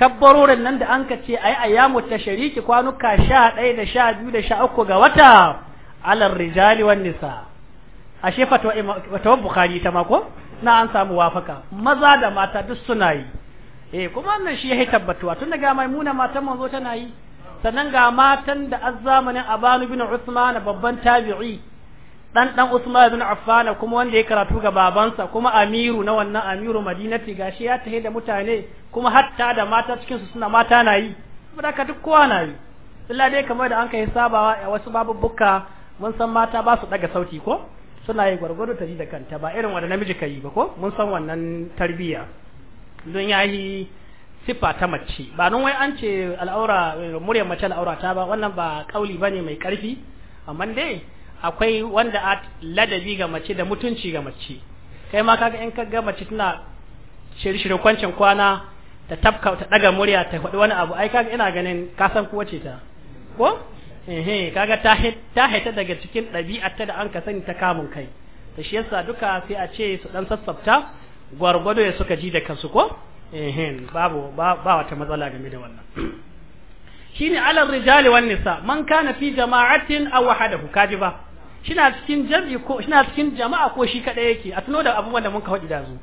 كبروا لنن da an kace ai ayyamu tashriqi kwanuka 11 da 12 da 13 ga wata alal rijali wan nisa ashe fatwa fatwa bukhari ta mako na an samu wafaka maza da mata duk suna yi eh kuma wannan shi ya tabbatuwa Tunda ga maimuna matan manzo tana yi sannan ga matan da azzamanin abanu bin usman babban tabi'i dan dan usman bin affan kuma wanda ya karatu ga babansa kuma amiru na wannan amiru madinati gashi ya tahe da mutane kuma hatta da mata cikin su suna mata na yi saboda ka duk kowa na yi illa dai kamar da an kai sabawa a wasu babubuka mun san mata ba su daga sauti ko suna yi gwargwado ta ji da kanta ba irin wanda namiji ka yi ba ko mun san wannan tarbiyya don ya yi siffa ta mace ba nun wai an ce al'aura muryar mace al'aura ta ba wannan ba kauli ba ne mai karfi amma dai akwai wanda a ladabi ga mace da mutunci ga mace kai ma kaga in ka ga mace tana shirye kwancin kwana ta tafka ta daga murya ta faɗi wani abu ai kaga ina ganin ka san kuwa ta ko ehe kaga ta ta daga cikin dabi'a ta da an ka sani ta kamun kai to shi yasa duka sai a ce su dan sassafta gwargwado ya suka ji da kansu ko ehe babu ba wata matsala game da wannan shine alal rijali wan nisa man kana fi jama'atin aw wahadahu kaji ba shina cikin jami'i ko shina cikin jama'a ko shi kaɗai yake a tuno da abubuwan da mun ka faɗi da zu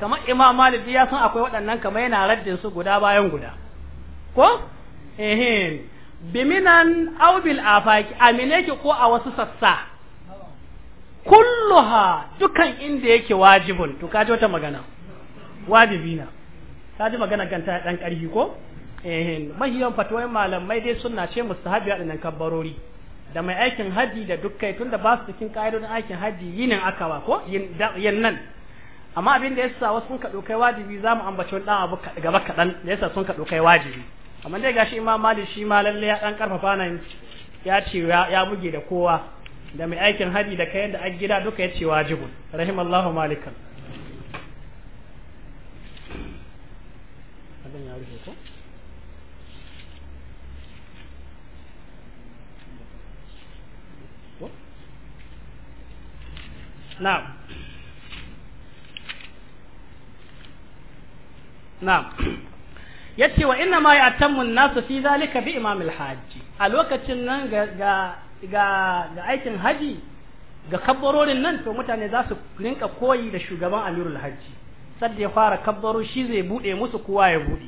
kamar imam malik ya san akwai waɗannan kamar yana raddin su guda bayan guda ko ehe biminan aw bil afaki amine ki ko a wasu sassa kulluha dukan inda yake wajibun to kaji wata magana wajibi na kaji magana kan ta dan karfi ko eh mahiyan fatwai malamai dai sunna ce mustahabi a nan kabbarori da mai aikin haji da dukkai tunda ba su cikin ka'idodin aikin haji yinin aka ba ko yin nan amma abin da yasa wasu sun ka dokai wajibi zamu ambaci wani dan abu gaba kadan da yasa sun ka dokai wajibi amma dai gashi imam malik shi ma lalle ya dan karfafa nan ya ce ya buge da kowa da mai aikin hadi da kayan da a gida duka ya ce wajibu rahimallahu malikan abin ya na'am na'am yace wa inna ma ya tammun nasu fi zalika bi imamil hajji a lokacin nan ga ga ga aikin haji ga kabbarorin nan to mutane za su rinka koyi da shugaban amirul haji. sadda ya fara kabbaro shi zai bude musu kowa ya bude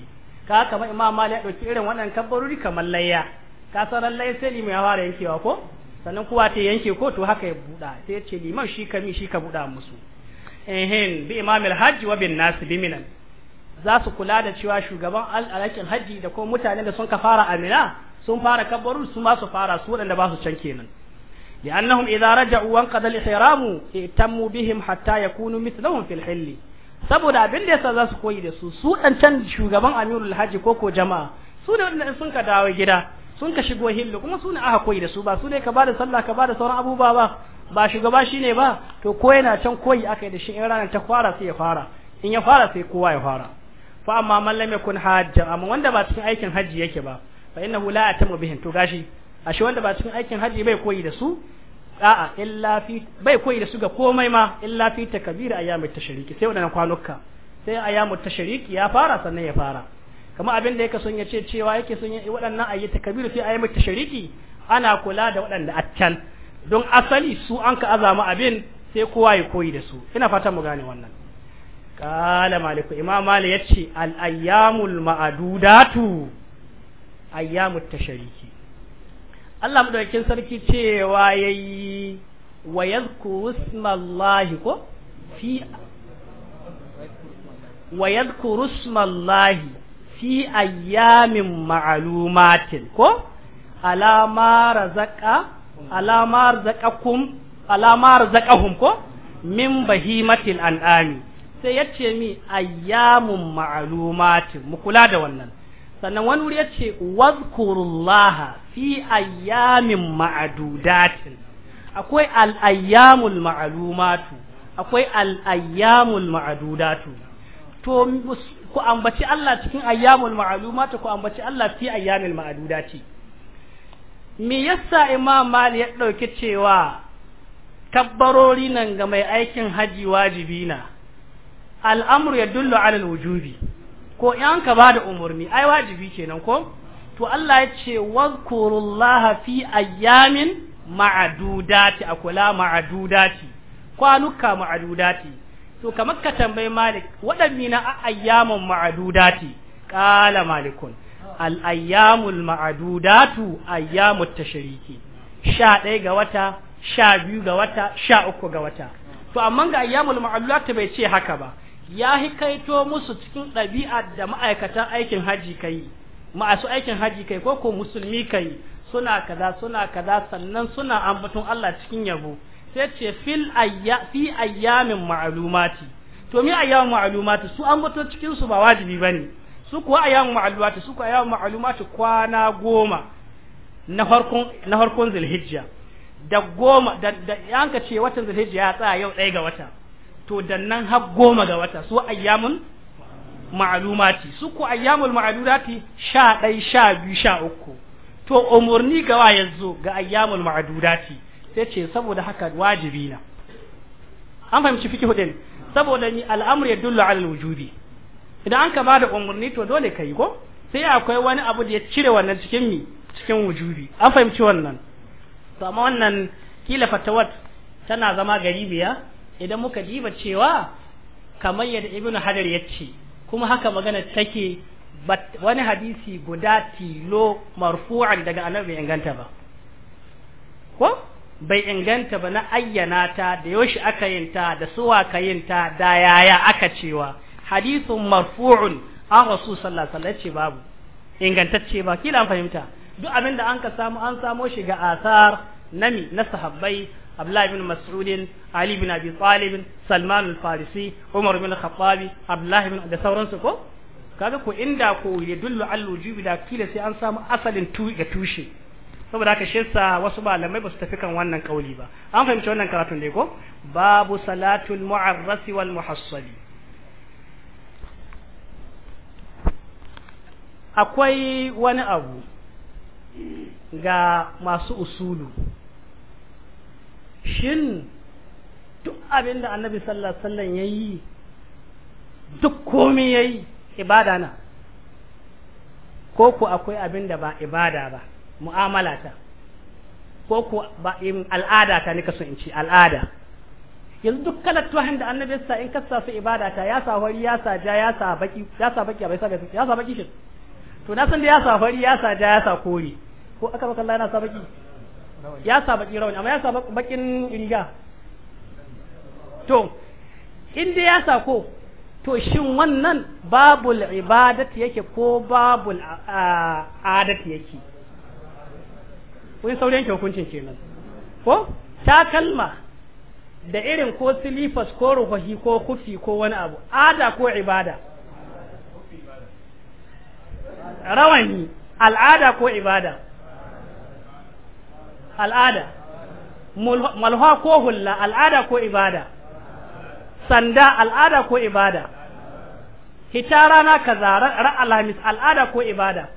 ka kamar imam mali ya dauki irin waɗannan kabbarori kamar layya ka san lallai sai limu ya fara yankewa ko sannan kowa ta yanke ko to haka ya buda sai ya ce liman shi kami shi ka buda musu ehin bi imamil haji wa bin nas bi za su kula da cewa shugaban al'alakin hajji da kuma mutanen da sun ka fara amina sun fara kabbaru su ma su fara su waɗanda ba su can kenan لأنهم إذا رجعوا وانقضى الإحرام اهتموا بهم حتى يكونوا مثلهم في الحل saboda abin da yasa za su koyi da su su dan shugaban Amirul ko ko jama'a su ne wanda sun ka dawo gida sun ka shigo hillu kuma su ne aka koyi da su ba su ne ka bada sallah ka bada sauran abubuwa ba ba shugaba ne ba to ko yana can koyi aka yi da shi in ranar ta fara sai ya fara in ya fara sai kowa ya fara fa amma man lam yakun hajjan amma wanda ba cikin aikin haji yake ba fa innahu la atamu bihin to gashi ashe wanda ba cikin aikin haji bai koyi da su a'a illa fi bai koyi da su ga komai ma illa fi takbir ayyamut tashariki sai wannan kwanuka sai ayyamut tashariki ya fara sannan ya fara kamar abin da yake son ya ce cewa yake son waɗannan ayi takbir fi ayyamut tashariki ana kula da waɗanda accan don asali su an ka azama abin sai kowa ya koyi da su ina fatan mu gane wannan kala maliku imam mali ya ce al'ayyamul ma'adudatu ayyamul tashariki Allah madaukakin sarki cewa ya yi wa yadhkuru rusmallahi ko fi wa yadhkuru rusmallahi fi ayyamin ma’alumatin ko alamar zaƙa kum razaqakum alama ko min bahimatil an'ami sai yace mi ayyamun ma'lumati mu kula da wannan sannan wani wuri yace wazkurullaha fi ayyamin ma'adudatin akwai al-ayyamul ma'lumatu akwai al ma'adudatu to ku ambaci Allah cikin ayyamul ma'lumatu ku ambaci Allah fi ayyamil ma'adudati me yasa imam mali ya ɗauki cewa tabbarori nan ga mai aikin haji wajibi na al'amru ya dullo alal wujubi ko yan ka ba da umarni ai wajibi kenan ko to Allah ya ce wazkurullaha fi ayyamin ma'adudati kula ma'adudati kwanuka ma'adudati to kamar ka tambayi malik waɗanne na ayyamun ma'adudati qala malikun al ayyamul ma'adudatu ayyamut sha ɗaya ga wata sha biyu ga wata sha uku ga wata to amma ga ayyamul ma'adudat bai ce haka ba ya hikaito musu cikin ɗabi'a da ma'aikatan aikin haji kai masu aikin haji kai ko ko musulmi kai suna kaza suna kaza sannan suna ambaton Allah cikin yabo sai ce fil ayya fi ayyamin ma'lumati to mi ayyamin ma'lumati su ambato cikin su ba wajibi bane su kuwa ayyamin ma'lumati su kuwa ayyamin ma'lumati kwana goma na farkon na farkon zulhijja da goma da, da yanka ce watan zulhijja ya tsaya yau ɗaya ga wata to nan har goma ga wata su ayyamun ma'lumati su ko ayyamul ma'adudati sha ɗai sha biyu sha uku to umarni ga wa yanzu ga ayyamul ma'adudati sai ce saboda haka wajibi na an fahimci fiki hudin saboda ni al'amur ya dullu ala wujubi idan an ka ba da umarni to dole ka yi ko sai akwai wani abu da ya cire wannan cikin mi cikin wujubi an fahimci wannan to amma wannan kila fatawat tana zama garibiya idan muka diba cewa kamar yadda ibnu hajar ya ce kuma haka magana take wani hadisi guda tilo marfu'an daga annabi bai inganta ba ko bai inganta ba na ayyana ta da yaushe aka yin ta da suwa ka yin ta da yaya aka cewa hadisun marfu'un an rasu sallah ce babu ingantacce ba kila an fahimta duk abinda an ka samu an samo shi ga asar nami na sahabbai Abdullahi bin Mas'udin Ali bin Abi Talib Salman al-Farisi Umar bin Khattab Abdullahi bin da sauransu ko kaga ko inda ko ya dullu al-wujubi da kila sai an samu asalin tu ga tushe saboda haka shi yasa wasu malamai ba su tafi kan wannan kauli ba an fahimci wannan karatun dai ko babu salatul mu'arrasi wal muhassali akwai wani abu ga masu usulu shin duk abin da annabi sallallahu alaihi wasallam yayi duk komai yayi ibada na ko ku akwai abin da ba ibada ba mu'amala ta ko ku ba in al'ada ta nika so in ci al'ada yanzu duk kalar tuwahin da annabi sa in kasa su ibada ta ya sa hori ya sa ja ya sa baki ya sa baki bai sa ga ya sa baki shi to na san da ya sa hori ya sa ja ya sa kori ko aka baka Allah na sa baki ya sa bakin rawani amma ya sa bakin riga to inda ya sa ko to shin wannan babul ibadati yake ko babul adati yake kun saurin yanke hukuncin kenan ko takalma da irin ko silifas ko rufahi ko kufi ko wani abu ada ko ibada rawani al'ada ko ibada al'ada malha ko hulla al'ada ko ibada sanda al'ada ko ibada hita rana kaza ra alhamis al'ada ko ibada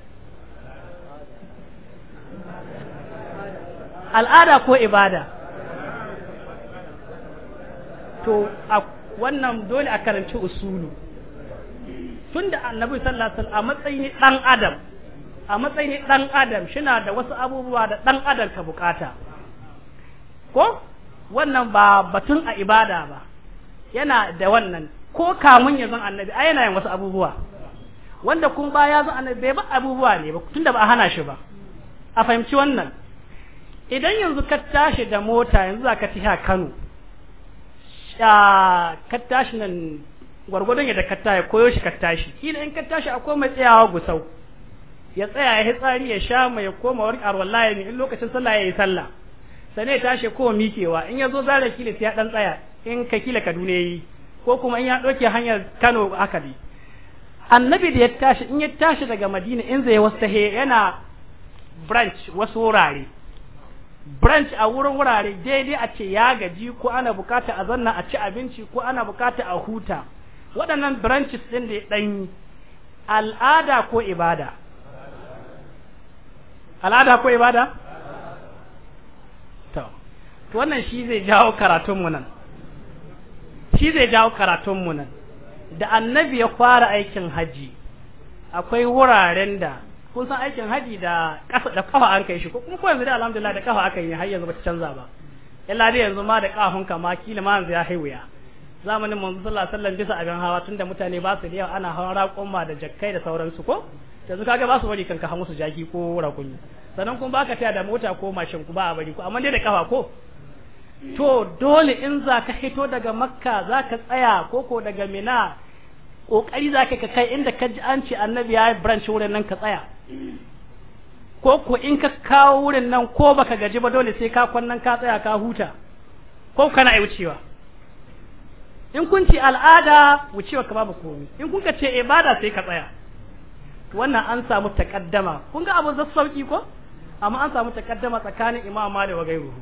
al'ada ko ibada to wannan dole a karanci usulu tunda annabi sallallahu alaihi wasallam a matsayin dan adam a matsayin ɗan adam shina da wasu abubuwa da ɗan adam ka bukata ko wannan ba batun a ibada ba yana da wannan ko kamun ya zan annabi a yana wasu abubuwa wanda kun ba ya zan annabi bai ba abubuwa ne ba tunda ba a hana shi ba a fahimci wannan idan yanzu ka tashi da mota yanzu za ka tiha Kano ka tashi nan gwargwadon da ka tashi koyo shi ka tashi kila in ka tashi akwai mai tsayawa gusau ya tsaya ya tsari ya sha mai ya koma wani arwallaye ne in lokacin sallah ya yi sallah sane ya tashi ko miƙewa in ya zo zara kila ya dan tsaya in ka kila kaduna yi ko kuma in ya ɗauke hanyar kano aka bi annabi da ya tashi in ya tashi daga madina in zai wasu yana branch wasu wurare branch a wurin wurare daidai a ce ya gaji ko ana bukata a zanna a ci abinci ko ana bukata a huta waɗannan branches ɗin da ya ɗanyi al'ada ko ibada al'ada ko ibada to to wannan shi zai jawo karatun mu nan shi zai jawo karatun mu nan da annabi ya fara aikin haji akwai wuraren da kun san aikin haji da kafa da kafa an kai shi ko kuma ko yanzu da alhamdulillah da kafa aka yi har yanzu ba ta canza ba illa dai yanzu ma da kafin kama kila ma yanzu ya haihuya zamanin manzo sallallahu alaihi wasallam bisa gan hawa tunda mutane ba su da yawa ana hawa raƙon da jakkai da sauransu ko yanzu kaga ba su bari kan ka jaki ko rakuni sanan kun baka taya da mota ko mashin ku ba a bari ku amma dai da kafa ko to dole in za ka hito daga makka za ka tsaya ko ko daga mina kokari za ka kai inda ka ji an ce annabi ya branch wurin nan ka tsaya ko ko in ka kawo wurin nan ko baka gaji ba dole sai ka kwannan ka tsaya ka huta ko kana wucewa in kun ce al'ada wucewa ka babu komai in kun ka ce ibada sai ka tsaya wannan an samu takaddama kun ga abu zai sauki ko amma an samu takaddama tsakanin imam malik wa gairuhu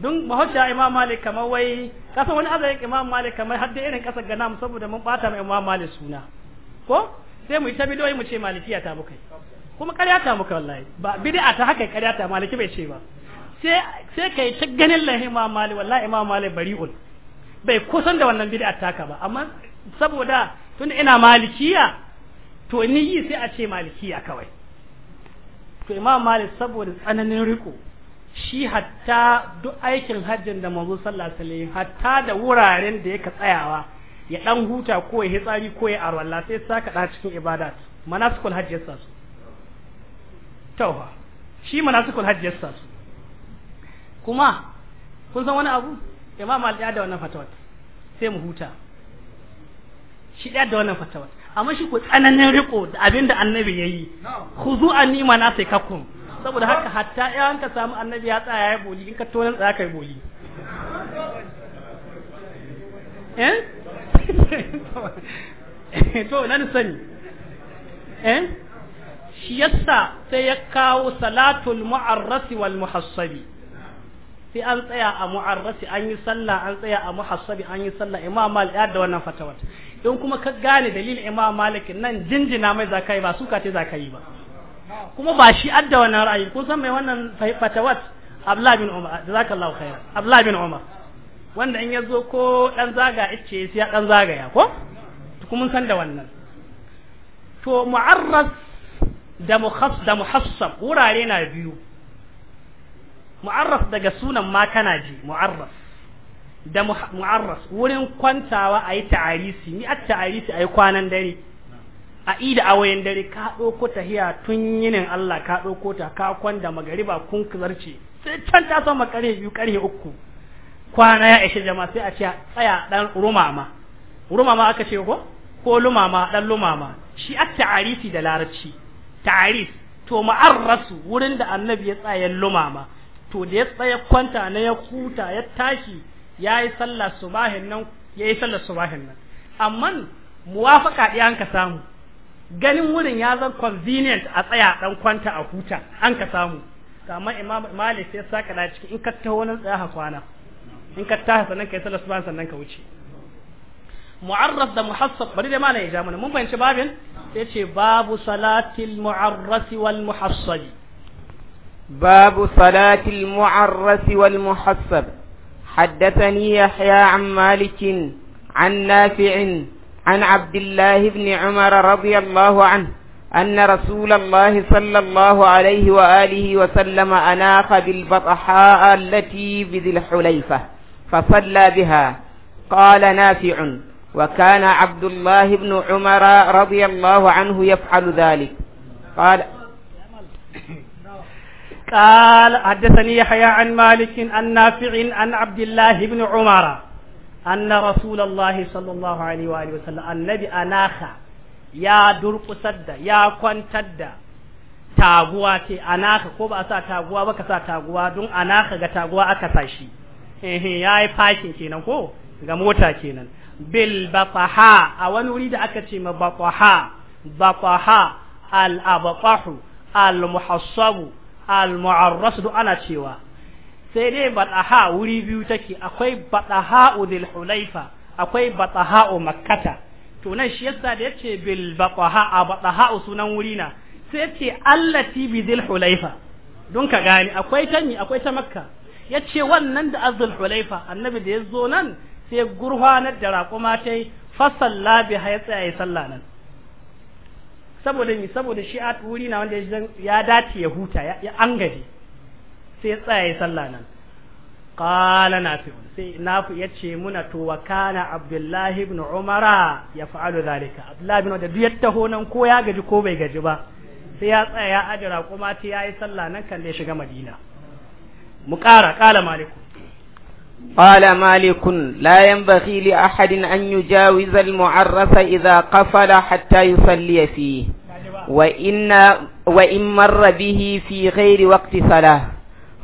don mahaucci imam malik kamar wai kasan wani azayin imam malik kamar har da irin kasar gana mu saboda mun bata mai imam malik suna ko sai mu yi ta yi mu ce malikiya ta muka kuma karya ta muka wallahi ba bid'a ta haka karya ta maliki bai ce ba sai sai kai ta ganin lahi imam malik wallahi imam malik bari'ul bai kusan da wannan bid'a taka ba amma saboda tun ina malikiya to ni yi sai a ce malikiya kawai to imam malik saboda tsananin riko shi hatta duk aikin hajjin da mazu sallallahu alaihi hatta da wuraren da yake tsayawa ya dan huta ko ya hitsari ko ya arwalla sai saka da cikin ibadat manasikul hajji yassa su tawha shi manasikul hajji yassa su kuma kun san wani abu imam malik ya da wannan fatawa sai mu huta shi da wannan fatawa a mashi ku tsananin riko da abinda annabi ya yi, nima na sai kakkun saboda haka hatta in ka samu annabi ya tsaya ya boli in ka tonan tsaya yi boli eh to nan sani eh shi yasa sai ya kawo salatul mu'arrasi wal muhassabi sai an tsaya a mu'arrasi an yi sallah an tsaya a muhassabi an yi sallah imam al da wannan fatawar in kuma ka gane dalilin imam malik nan jinjina mai zaka yi ba suka ce zaka yi ba kuma ba shi adda wannan ra'ayi ko san mai wannan fatawat abdullah bin umar jazakallahu khairan abdullah bin umar wanda in yazo ko dan zaga ice sai dan zagaya ko kuma mun san da wannan to mu'arrad da mukhass da muhassab wurare na biyu mu'arraf daga sunan ma kana ji mu'arraf da mu'arras wurin kwantawa a yi ta'arisi ni a ta'arisi a yi kwanan dare a ida a wayan dare ka ɗauko ta hiya tun yinin Allah ka ɗauko ta ka kwanda magariba kun kizarce sai can ta sama ƙarhe biyu ƙarhe uku kwana ya ishe jama'a sai a ce tsaya ɗan rumama rumama aka ce ko ko lumama ɗan lumama shi a ta'arisi da larabci ta'aris to ma'arrasu wurin da annabi ya tsaya lumama to da ya tsaya kwanta na ya huta ya tashi yayi sallar subahin nan yayi sallar subahin nan amma muwafaka ɗaya an ka samu ganin wurin ya zan convenient a tsaya dan kwanta a huta an ka samu amma imam malik sai saka da ciki in ka taho nan tsaya kwana in ka taho sannan kai sallar subhan sannan ka wuce mu'arraf da muhassab bari da malai ya ja mun fahimci babin sai ce babu salatil mu'arrasi wal muhassab babu salatil mu'arrasi wal muhassab حدثني يحيى عن مالك عن نافع عن عبد الله بن عمر رضي الله عنه أن رسول الله صلى الله عليه وآله وسلم أناخ بالبطحاء التي بذي الحليفة فصلى بها قال نافع وكان عبد الله بن عمر رضي الله عنه يفعل ذلك قال قال حدثني يحيى عن مالك عن نافع عن عبد الله بن عمر ya kwantar الله صلى taguwa ce anaka ko ba a sa taguwa ba ka taguwa don anaka ga taguwa aka sa shi ya yi fakin kenan ko ga mota kenan bil baqaha a wani wuri da aka ce ma baqaha baqaha al abqahu al muhassabu al-mu'arras ana cewa sai dai bataha wuri biyu take akwai bataha dil hulaifa akwai bataha'u makkata to nan shi yasa da yace bil baqaha a bataha sunan wuri na sai yace allati bi dil hulaifa don ka gani akwai tanni akwai ta makka yace wannan da azul hulaifa annabi da yazo nan sai gurfanar da raƙuma tai fasalla bi ya tsaya sallah nan saboda ni saboda shi a wuri na wanda ya dace ya huta ya an gaji sai ya tsaya ya sallah nan qala nafi sai nafi yace muna to wa kana abdullahi ibn umara ya fa'alu zalika abdullahi ibn da duk taho nan ko ya gaji ko bai gaji ba sai ya tsaya ya ajira kuma ta yayi sallah nan kan da shiga madina mu qara qala maliku قال مالك لا ينبغي لأحد أن يجاوز المعرس إذا قفل حتى يصلي فيه وإن وإن مر به في غير وقت صلاة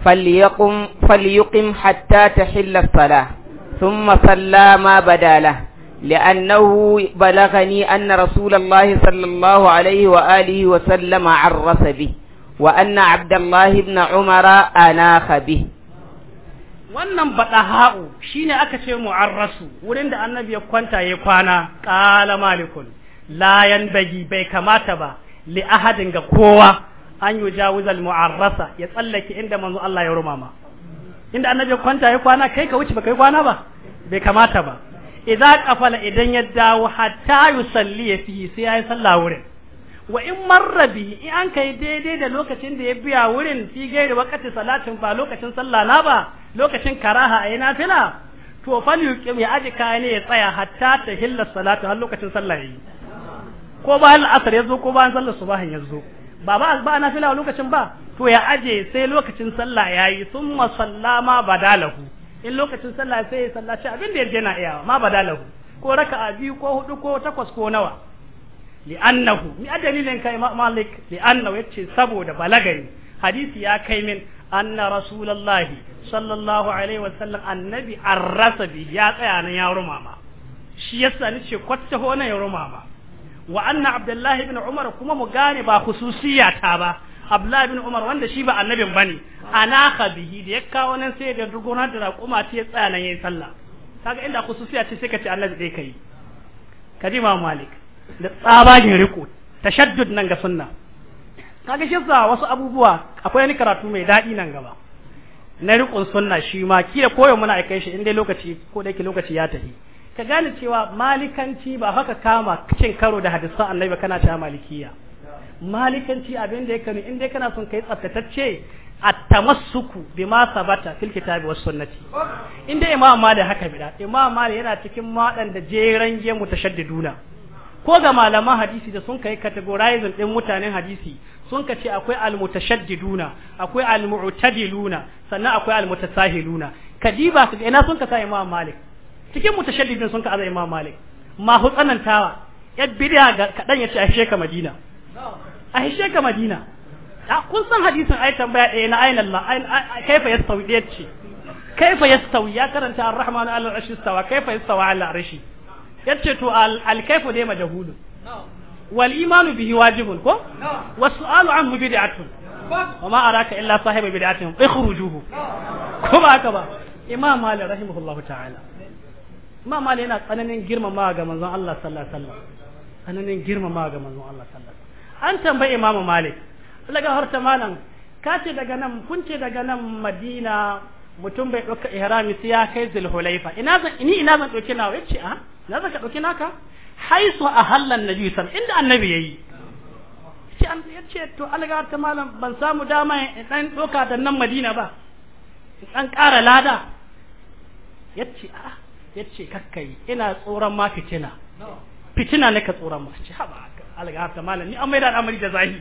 فليقم فليقم حتى تحل الصلاة ثم صلى ما بدا له لأنه بلغني أن رسول الله صلى الله عليه وآله وسلم عرس به وأن عبد الله بن عمر أناخ به wannan baɗaha'u shi ne aka ce mu'arrasu wurin da annabi ya kwanta ya kwana ƙala malikun layan bagi bai kamata ba li ahadin ga kowa an yujawiza al mu'arrasa ya tsallake inda manzo Allah ya rumama inda annabi kwanta ya kwana kai ka wuce baka yi kwana ba bai kamata ba idza qafala idan ya dawo hatta yusalli fi sai ya yi sallah wurin wa in marrabi in an kai daidai da lokacin da ya biya wurin fi gairi wakati salatin ba lokacin sallah na ba lokacin karaha a yi nafila to fal yuqim ya aji kaya ya tsaya hatta ta hilla salatu har lokacin sallah yi. ko bayan la'asar ya zo ko bayan sallar subahin ya zo ba ba ba na fila lokacin ba to ya aje sai lokacin sallah yayi ma sallama badalahu in lokacin sallah sai ya sallaci abin da yake na iyawa ma badalahu ko raka biyu ko hudu ko takwas ko nawa li'annahu ni a dalilin kai malik annahu yace saboda balagai hadisi ya kai min anna rasulullahi sallallahu alaihi wa sallam annabi arrasabi ya tsaya nan ya rumama shi yasa ni ce kwatta ho nan ya rumama wa anna abdullahi ibn umar kuma mu gane ba khususiyya ta ba abdullahi ibn umar wanda shi ba annabin bane ana khabihi da ya kawo nan sai da dugona da raƙuma ta tsaya nan yayin sallah kaga inda khususiyya ce sai ka ce annabi dai kai kaji ma malik da tsabagin riko tashaddud nan ga sunna kaga shi sa wasu abubuwa akwai wani karatu mai daɗi nan gaba na riƙon sunna shi ma kila koyo muna aikai shi in dai lokaci ko da yake lokaci ya tafi ka gane cewa malikanci ba haka kama cin karo da hadisan annabi ba kana cewa malikiya malikanci abin da yake in dai kana son kai tsaftatacce at-tamassuku bima sabata fil kitabi was sunnati in dai imam malik haka bida imam malik yana cikin madan da jeran ge mutashaddiduna ko ga malaman hadisi da sun kai categorizing din mutanen hadisi sun ka ce akwai al-mutashaddiduna akwai al-mu'tadiluna sannan akwai almutasahiluna kadiba su ina sun ka sa imam malik cikin mutashaddidin sun ka azai imam malik ma hu tsanantawa ya bid'a ga kadan yace a sheka madina a sheka madina a ah, kun san hadisin ai tambaya ɗaya eh, na ayin Allah kaifa yastawi ɗaya ce kaifa yastawi ya karanta ar ala al-arshi kaifa yastawa ala arshi yace to al-kaifu dai wal bihi wajibun ko su'alu bid'atun wa ma araka illa sahibi bid'atin ikhrujuhu ko ba haka ba imam malik rahimahullahu ta'ala ma malik yana tsananin ma ga manzon Allah sallallahu alaihi wasallam tsananin ma ga manzon Allah sallallahu alaihi wasallam an tambaye imamu malik Allah ga horta malam ka ce daga nan kun ce daga nan Madina mutum bai ɗauka ihrami sai ya kai zulhulaifa ina zan ni ina zan ɗauki nawa yace a ah, ina zan ka ɗauki naka haisu ahallan nabi sallallahu inda annabi yayi shi an yace to algar ta malam ban samu dama in dan doka da nan Madina ba in dan ƙara lada yace a'a ah, yace kakkai ina tsoron ma fitina fitina ne ka tsoron ma ce haba alga ta malam ni an maida al'amari da zahi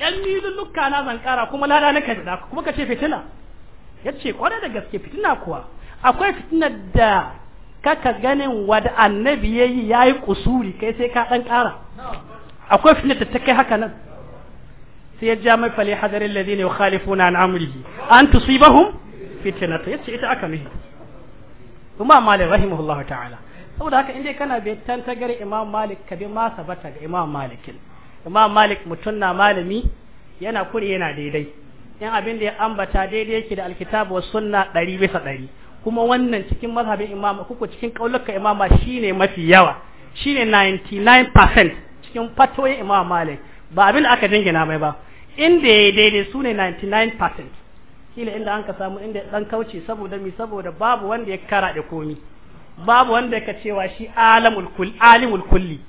yan nizin luka na zankara kuma lada na ka da kuma ka ce fitina yace kwarai da gaske fitina kuwa akwai fitina da kaka ganin wada annabi yayi yayi kusuri kai sai ka dan kara akwai fitina da ta kai haka nan sai ya ja mai fali hadarin ladina yukhalifuna an amrihi an tusibahum fitnatu yace ita aka mihi imam malik rahimahullah ta'ala saboda haka indai kana bai tantagar imam malik ka bi ma sabata ga imam malikin imam malik mutum na malami yana kuri yana daidai in abin da ya ambata daidai yake da alkitabu was sunna ɗari bisa ɗari kuma wannan cikin mazhabin imam kuko cikin kaulukan imama shine mafi yawa shine 99% cikin fatoyin imam malik ba abin da aka jingina mai ba inda ya daidai su ne 99% kila inda an ka samu inda dan kauce saboda mi saboda babu wanda ya kara da komi babu wanda ya ka cewa shi alamul kull alimul kulli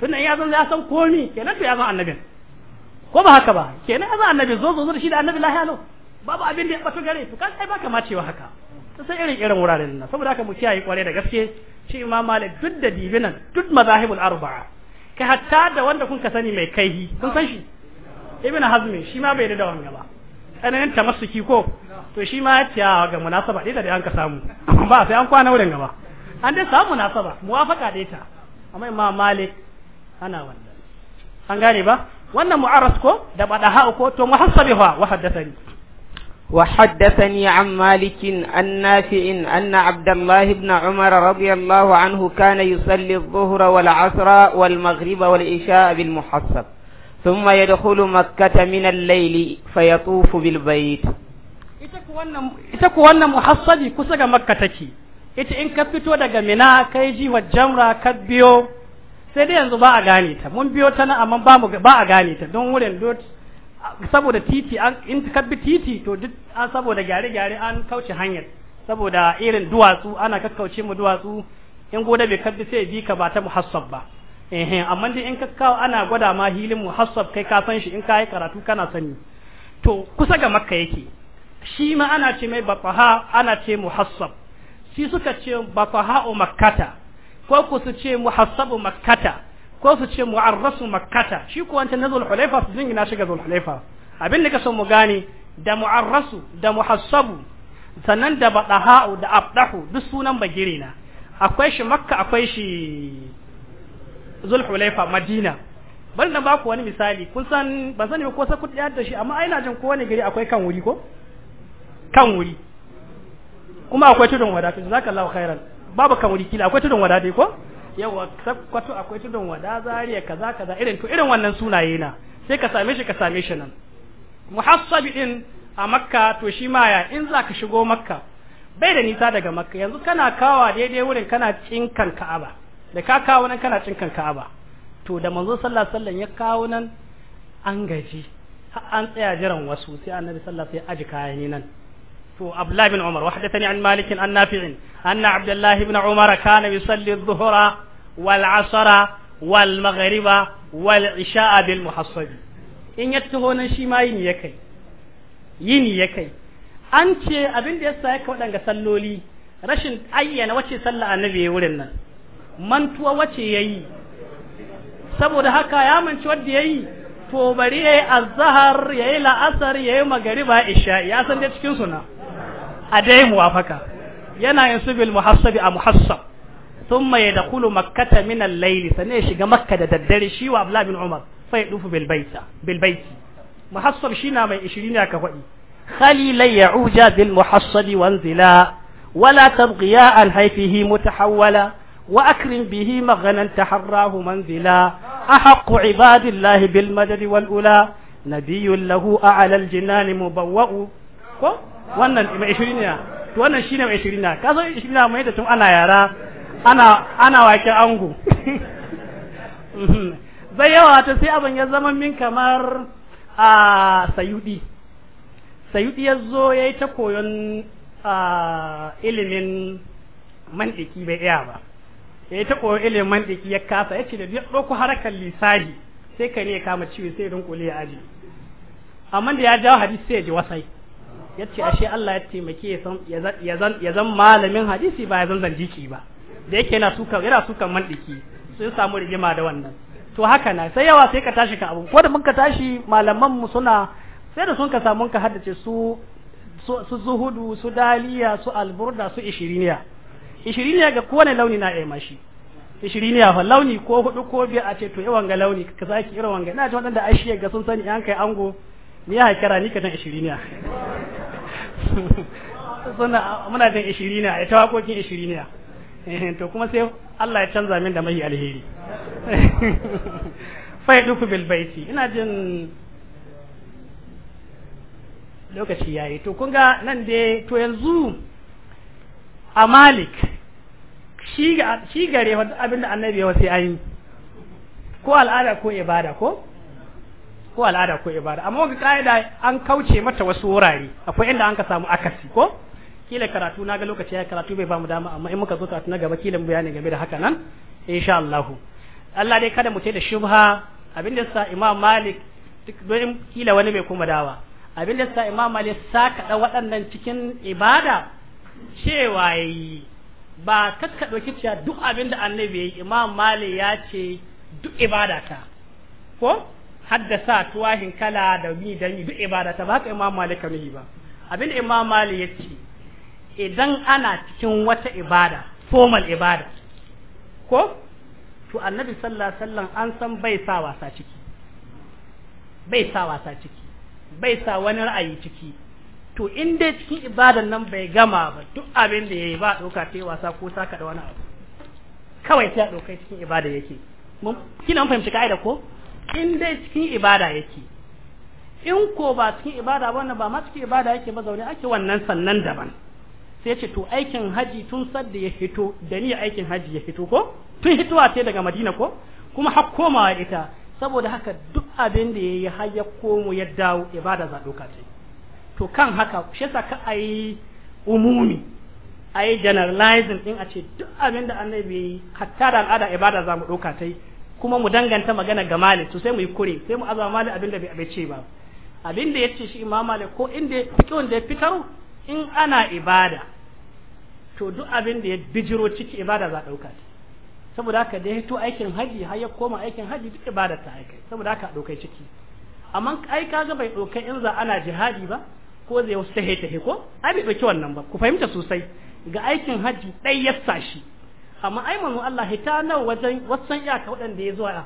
tunda ya zan ya san komi kenan to ya zan annabin ko ba haka ba kenan ya zan annabi zo zo shi da annabi lahi alo babu abin da ya bato gare to kan sai baka ma cewa haka to sai irin irin wuraren nan saboda haka mu kiyaye kware da gaske shi imam malik duk da dibinan duk mazahibul arba'a ka hatta da wanda kun ka sani mai kaihi kun san shi ibn hazmi shi ma bai da wannan ba tsananin tamassuki ko to shi ma ya ga munasaba ɗaya da an ka samu ba sai an kwana wurin gaba an dai samu munasaba muwafaka ɗaya ta amma imam malik ana wannan an gane ba wannan mu'aras ko da badaha ko to muhassabiha wa haddathani وحدثني عن مالك عن نافع أن عبد الله بن عمر رضي الله عنه كان يصلي الظهر والعصر والمغرب والعشاء بالمحصب ثم يدخل مكة من الليل فيطوف بالبيت ita ku wannan muhassadi kusa ga makka take ita in ka fito daga mina kai ji wa jamra ka biyo sai dai yanzu ba a gane ta mun biyo ta nan amma ba a gane ta don wurin dot saboda titi in ka bi titi to duk saboda gyare-gyare an kauce hanyar saboda irin duwatsu ana kakkauce mu duwatsu in goda bai kabbi sai bi ka ba ta muhassab ba ehe amma dai in ka kawo ana gwada ma hilin muhassab kai ka san shi in ka karatu kana sani to kusa ga makka yake shi ma ana ce mai bafaha ana ce muhassab shi suka ce bafaha o makkata ko ku su ce muhassabu makkata ko su ce mu'arrasu makkata shi ko wancan na hulaifa su jingina shiga hulaifa abin da ka so mu gane da mu'arrasu da muhassabu sannan da badaha'u da abdahu duk sunan bagire na akwai shi makka akwai shi zulhulaifa madina bari na baku wani misali kun san ban sani ko sai kun da shi amma ai na jin ko wani gari akwai kan wuri ko kan wuri kuma akwai tudun wada zaka jazakallahu khairan babu kan wuri kila akwai tudun wada dai ko yawa kwato akwai tudun wada zariya kaza kaza irin to irin wannan sunaye na sai ka same shi ka same shi nan muhassabi din a makka to shi ma ya in zaka shigo makka bai da nisa daga makka yanzu kana kawa daidai wurin kana cinkan ka'aba da ka kawo nan kana cin kan ka'aba to da manzo sallallahu alaihi ya kawo nan an gaji an tsaya jiran wasu sai annabi sallallahu alaihi wasallam ya aji kayan nan to abdullahi bin umar wahdathani an malik an nafi' an abdullahi bin umar kana yusalli adh-dhuhra wal 'asra wal maghriba wal 'isha'a bil muhassab in ya taho nan shi ma yini ya kai yini ya an ce abin da yasa yake wadanga salloli rashin ayyana wace sallah annabi ya wurin nan mantuwa wace yayi saboda haka ya manci wanda yayi to bari yayi azhar yayi la'asar yayi ba isha ya san da cikin suna a dai muwafaka yana yin subil muhassabi a muhassab mai yadkhulu makkata min al-layl ya shiga makka da daddare shi wa abla bin umar fa yadufu bil baiti muhassab shina mai ishirin ya ka faɗi khalilan ya'uja bil muhassabi wanzila wala tabgiya an hayfihi mutahawwala وأكرم به مغنا تحراه منزلا أحق عباد الله بالمدد والأولى نبي له أعلى الجنان مبوأ wannan mai ishirin to wannan shine mai ishirin na kaso ishirin na mai da tun ana yara ana ana wake ango zai yawa ta sai abin ya zama min kamar a sayudi ya zo ya yi ta koyon ilimin iki bai iya ba ya ta koyo ilimin diki ya kasa ya ce da duk ɗauko harakar lisani sai ka ne ya kama ciwo sai rinkule ya aji amma da ya jawo hadisi sai ya ji wasai ya ce ashe Allah ya taimake ya zan malamin hadisi ba ya zan jiki ba da yake yana sukan yana sukan mandiki ya samu rigima da wannan to haka na sai yawa sai ka tashi ka abu ko da mun ka tashi malaman mu suna sai da sun ka samu ka haddace su su zuhudu su daliya su alburda su ishiriniya ishiriniya ga kowane launi na iya mashi ishiriniya fa launi ko hudu ko biyar a ce to yawan ga launi ka zaki irin wanga ina ji waɗanda ashiya ga sun sani yan kai ango ni ya haikara ni ka dan ishiriniya suna muna dan ya ita ishirin ishiriniya eh, to kuma sai Allah ya canza min da mai alheri duku bil baiti ina jin lokaci yayi to kun ga nan dai to yanzu a Malik shi ga shi gare abinda annabi ya wasi ayi ko al'ada ko ibada ko ko al'ada ko ibada amma ga kaida an kauce mata wasu wurare akwai inda an ka samu akasi ko kila karatu na ga lokaci ya karatu bai bamu dama amma in muka zo karatu na gaba kila mu bayani game da haka nan insha Allah Allah dai kada mu da shubha abinda sa Imam Malik duk don kila wani bai kuma dawa abinda sa Imam Malik saka da waɗannan cikin ibada cewa yayi ba kakka ɗauki cewa duk abin da annabi ya yi imam mali ya ce duk ibadata ko haddasa tuwahin kala da mi da mi duk ibadata ba ka imam mali ka ba abin da imam mali ya ce idan ana cikin wata ibada formal ibada ko to annabi sallallahu alaihi wasallam an san bai sa wasa ciki bai sa wasa ciki bai sa wani ra'ayi ciki to in dai cikin ibadan nan bai gama ba duk abin da ya yi ba ɗauka ta wasa ko ta da wani abu kawai sai a ɗauka cikin ibada yake kina an fahimci kaida ko in dai cikin ibada yake in ko ba cikin ibada ba wannan ba ma cikin ibada yake ba zaune ake wannan sannan daban sai ce to aikin haji tun sadda ya fito da ni aikin haji ya fito ko tun hitowa sai daga madina ko kuma har komawa ita saboda haka duk abin da ya yi har ya komo ya dawo ibada za ɗauka ce to kan haka shi yasa ka ayi umumi ayi generalizing din a ce duk abin da annabi yi hatta da al'ada ibada za mu ɗauka ta yi kuma mu danganta magana ga mali to sai mu yi kure sai mu azama mali abin da bai ce ba abin da ya ce shi imam mali ko inda fiqhun da ya fitar in ana ibada to duk abin da ya bijiro ciki ibada za ɗauka ta saboda haka da ya aikin haji har ya koma aikin haji duk ibada ta aikai saboda haka ɗaukai ciki amma ai kaga bai ɗaukai in za ana jihadi ba ko zai wasu tahe tahe ko ai bai ɗauki wannan ba ku fahimta sosai ga aikin hajji ɗai ya sashi amma ai manzo Allah hita nan wajen wasan iyaka waɗanda ya zuwa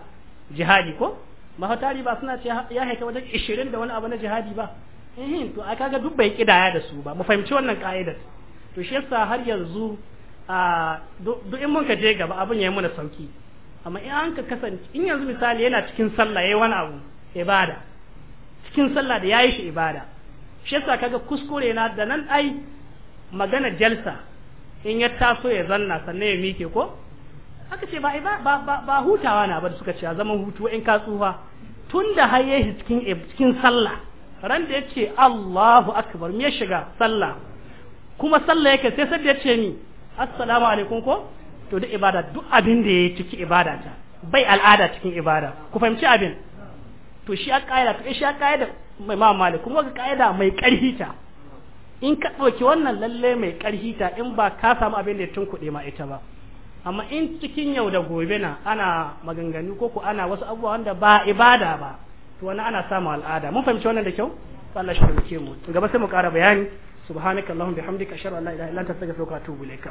jihadi ko mahautari ba suna ce ya haika wajen ishirin da wani abu na jihadi ba ehin to a kaga duk bai kidaya da su ba mu fahimci wannan ka'idar to shi yasa har yanzu a duk in mun ka je gaba abin yayi mana sauki amma in an ka kasance in yanzu misali yana cikin sallah yayi wani abu ibada cikin sallah da yayi shi ibada shi yasa kaga kuskure na da nan ai magana jalsa in ya taso ya zanna sannan ya mike ko aka ce ba ba ba hutawa na ba da suka ce a zaman hutu in ka tsufa tunda har yi cikin cikin sallah ran da yace Allahu akbar me shiga sallah kuma sallah yake sai sai da yace ni assalamu alaikum ko to duk ibada duk abin da yake ciki ibada ta bai al'ada cikin ibada ku fahimci abin to shi ya ƙa'ida to shi ya ƙa'ida mai ma mali kuma ga ƙa'ida mai ƙarhi ta in ka ɗauki wannan lalle mai ƙarhi ta in ba ka samu abin da ya tunkuɗe ma ita ba amma in cikin yau da gobe na ana maganganu ko ko ana wasu abubuwa wanda ba ibada ba to wani ana samu al'ada mun fahimci wannan da kyau Allah shi ne mu gaba sai mu ƙara bayani subhanakallahumma bihamdika ashhadu an la ilaha illa anta astaghfiruka wa atubu ilaik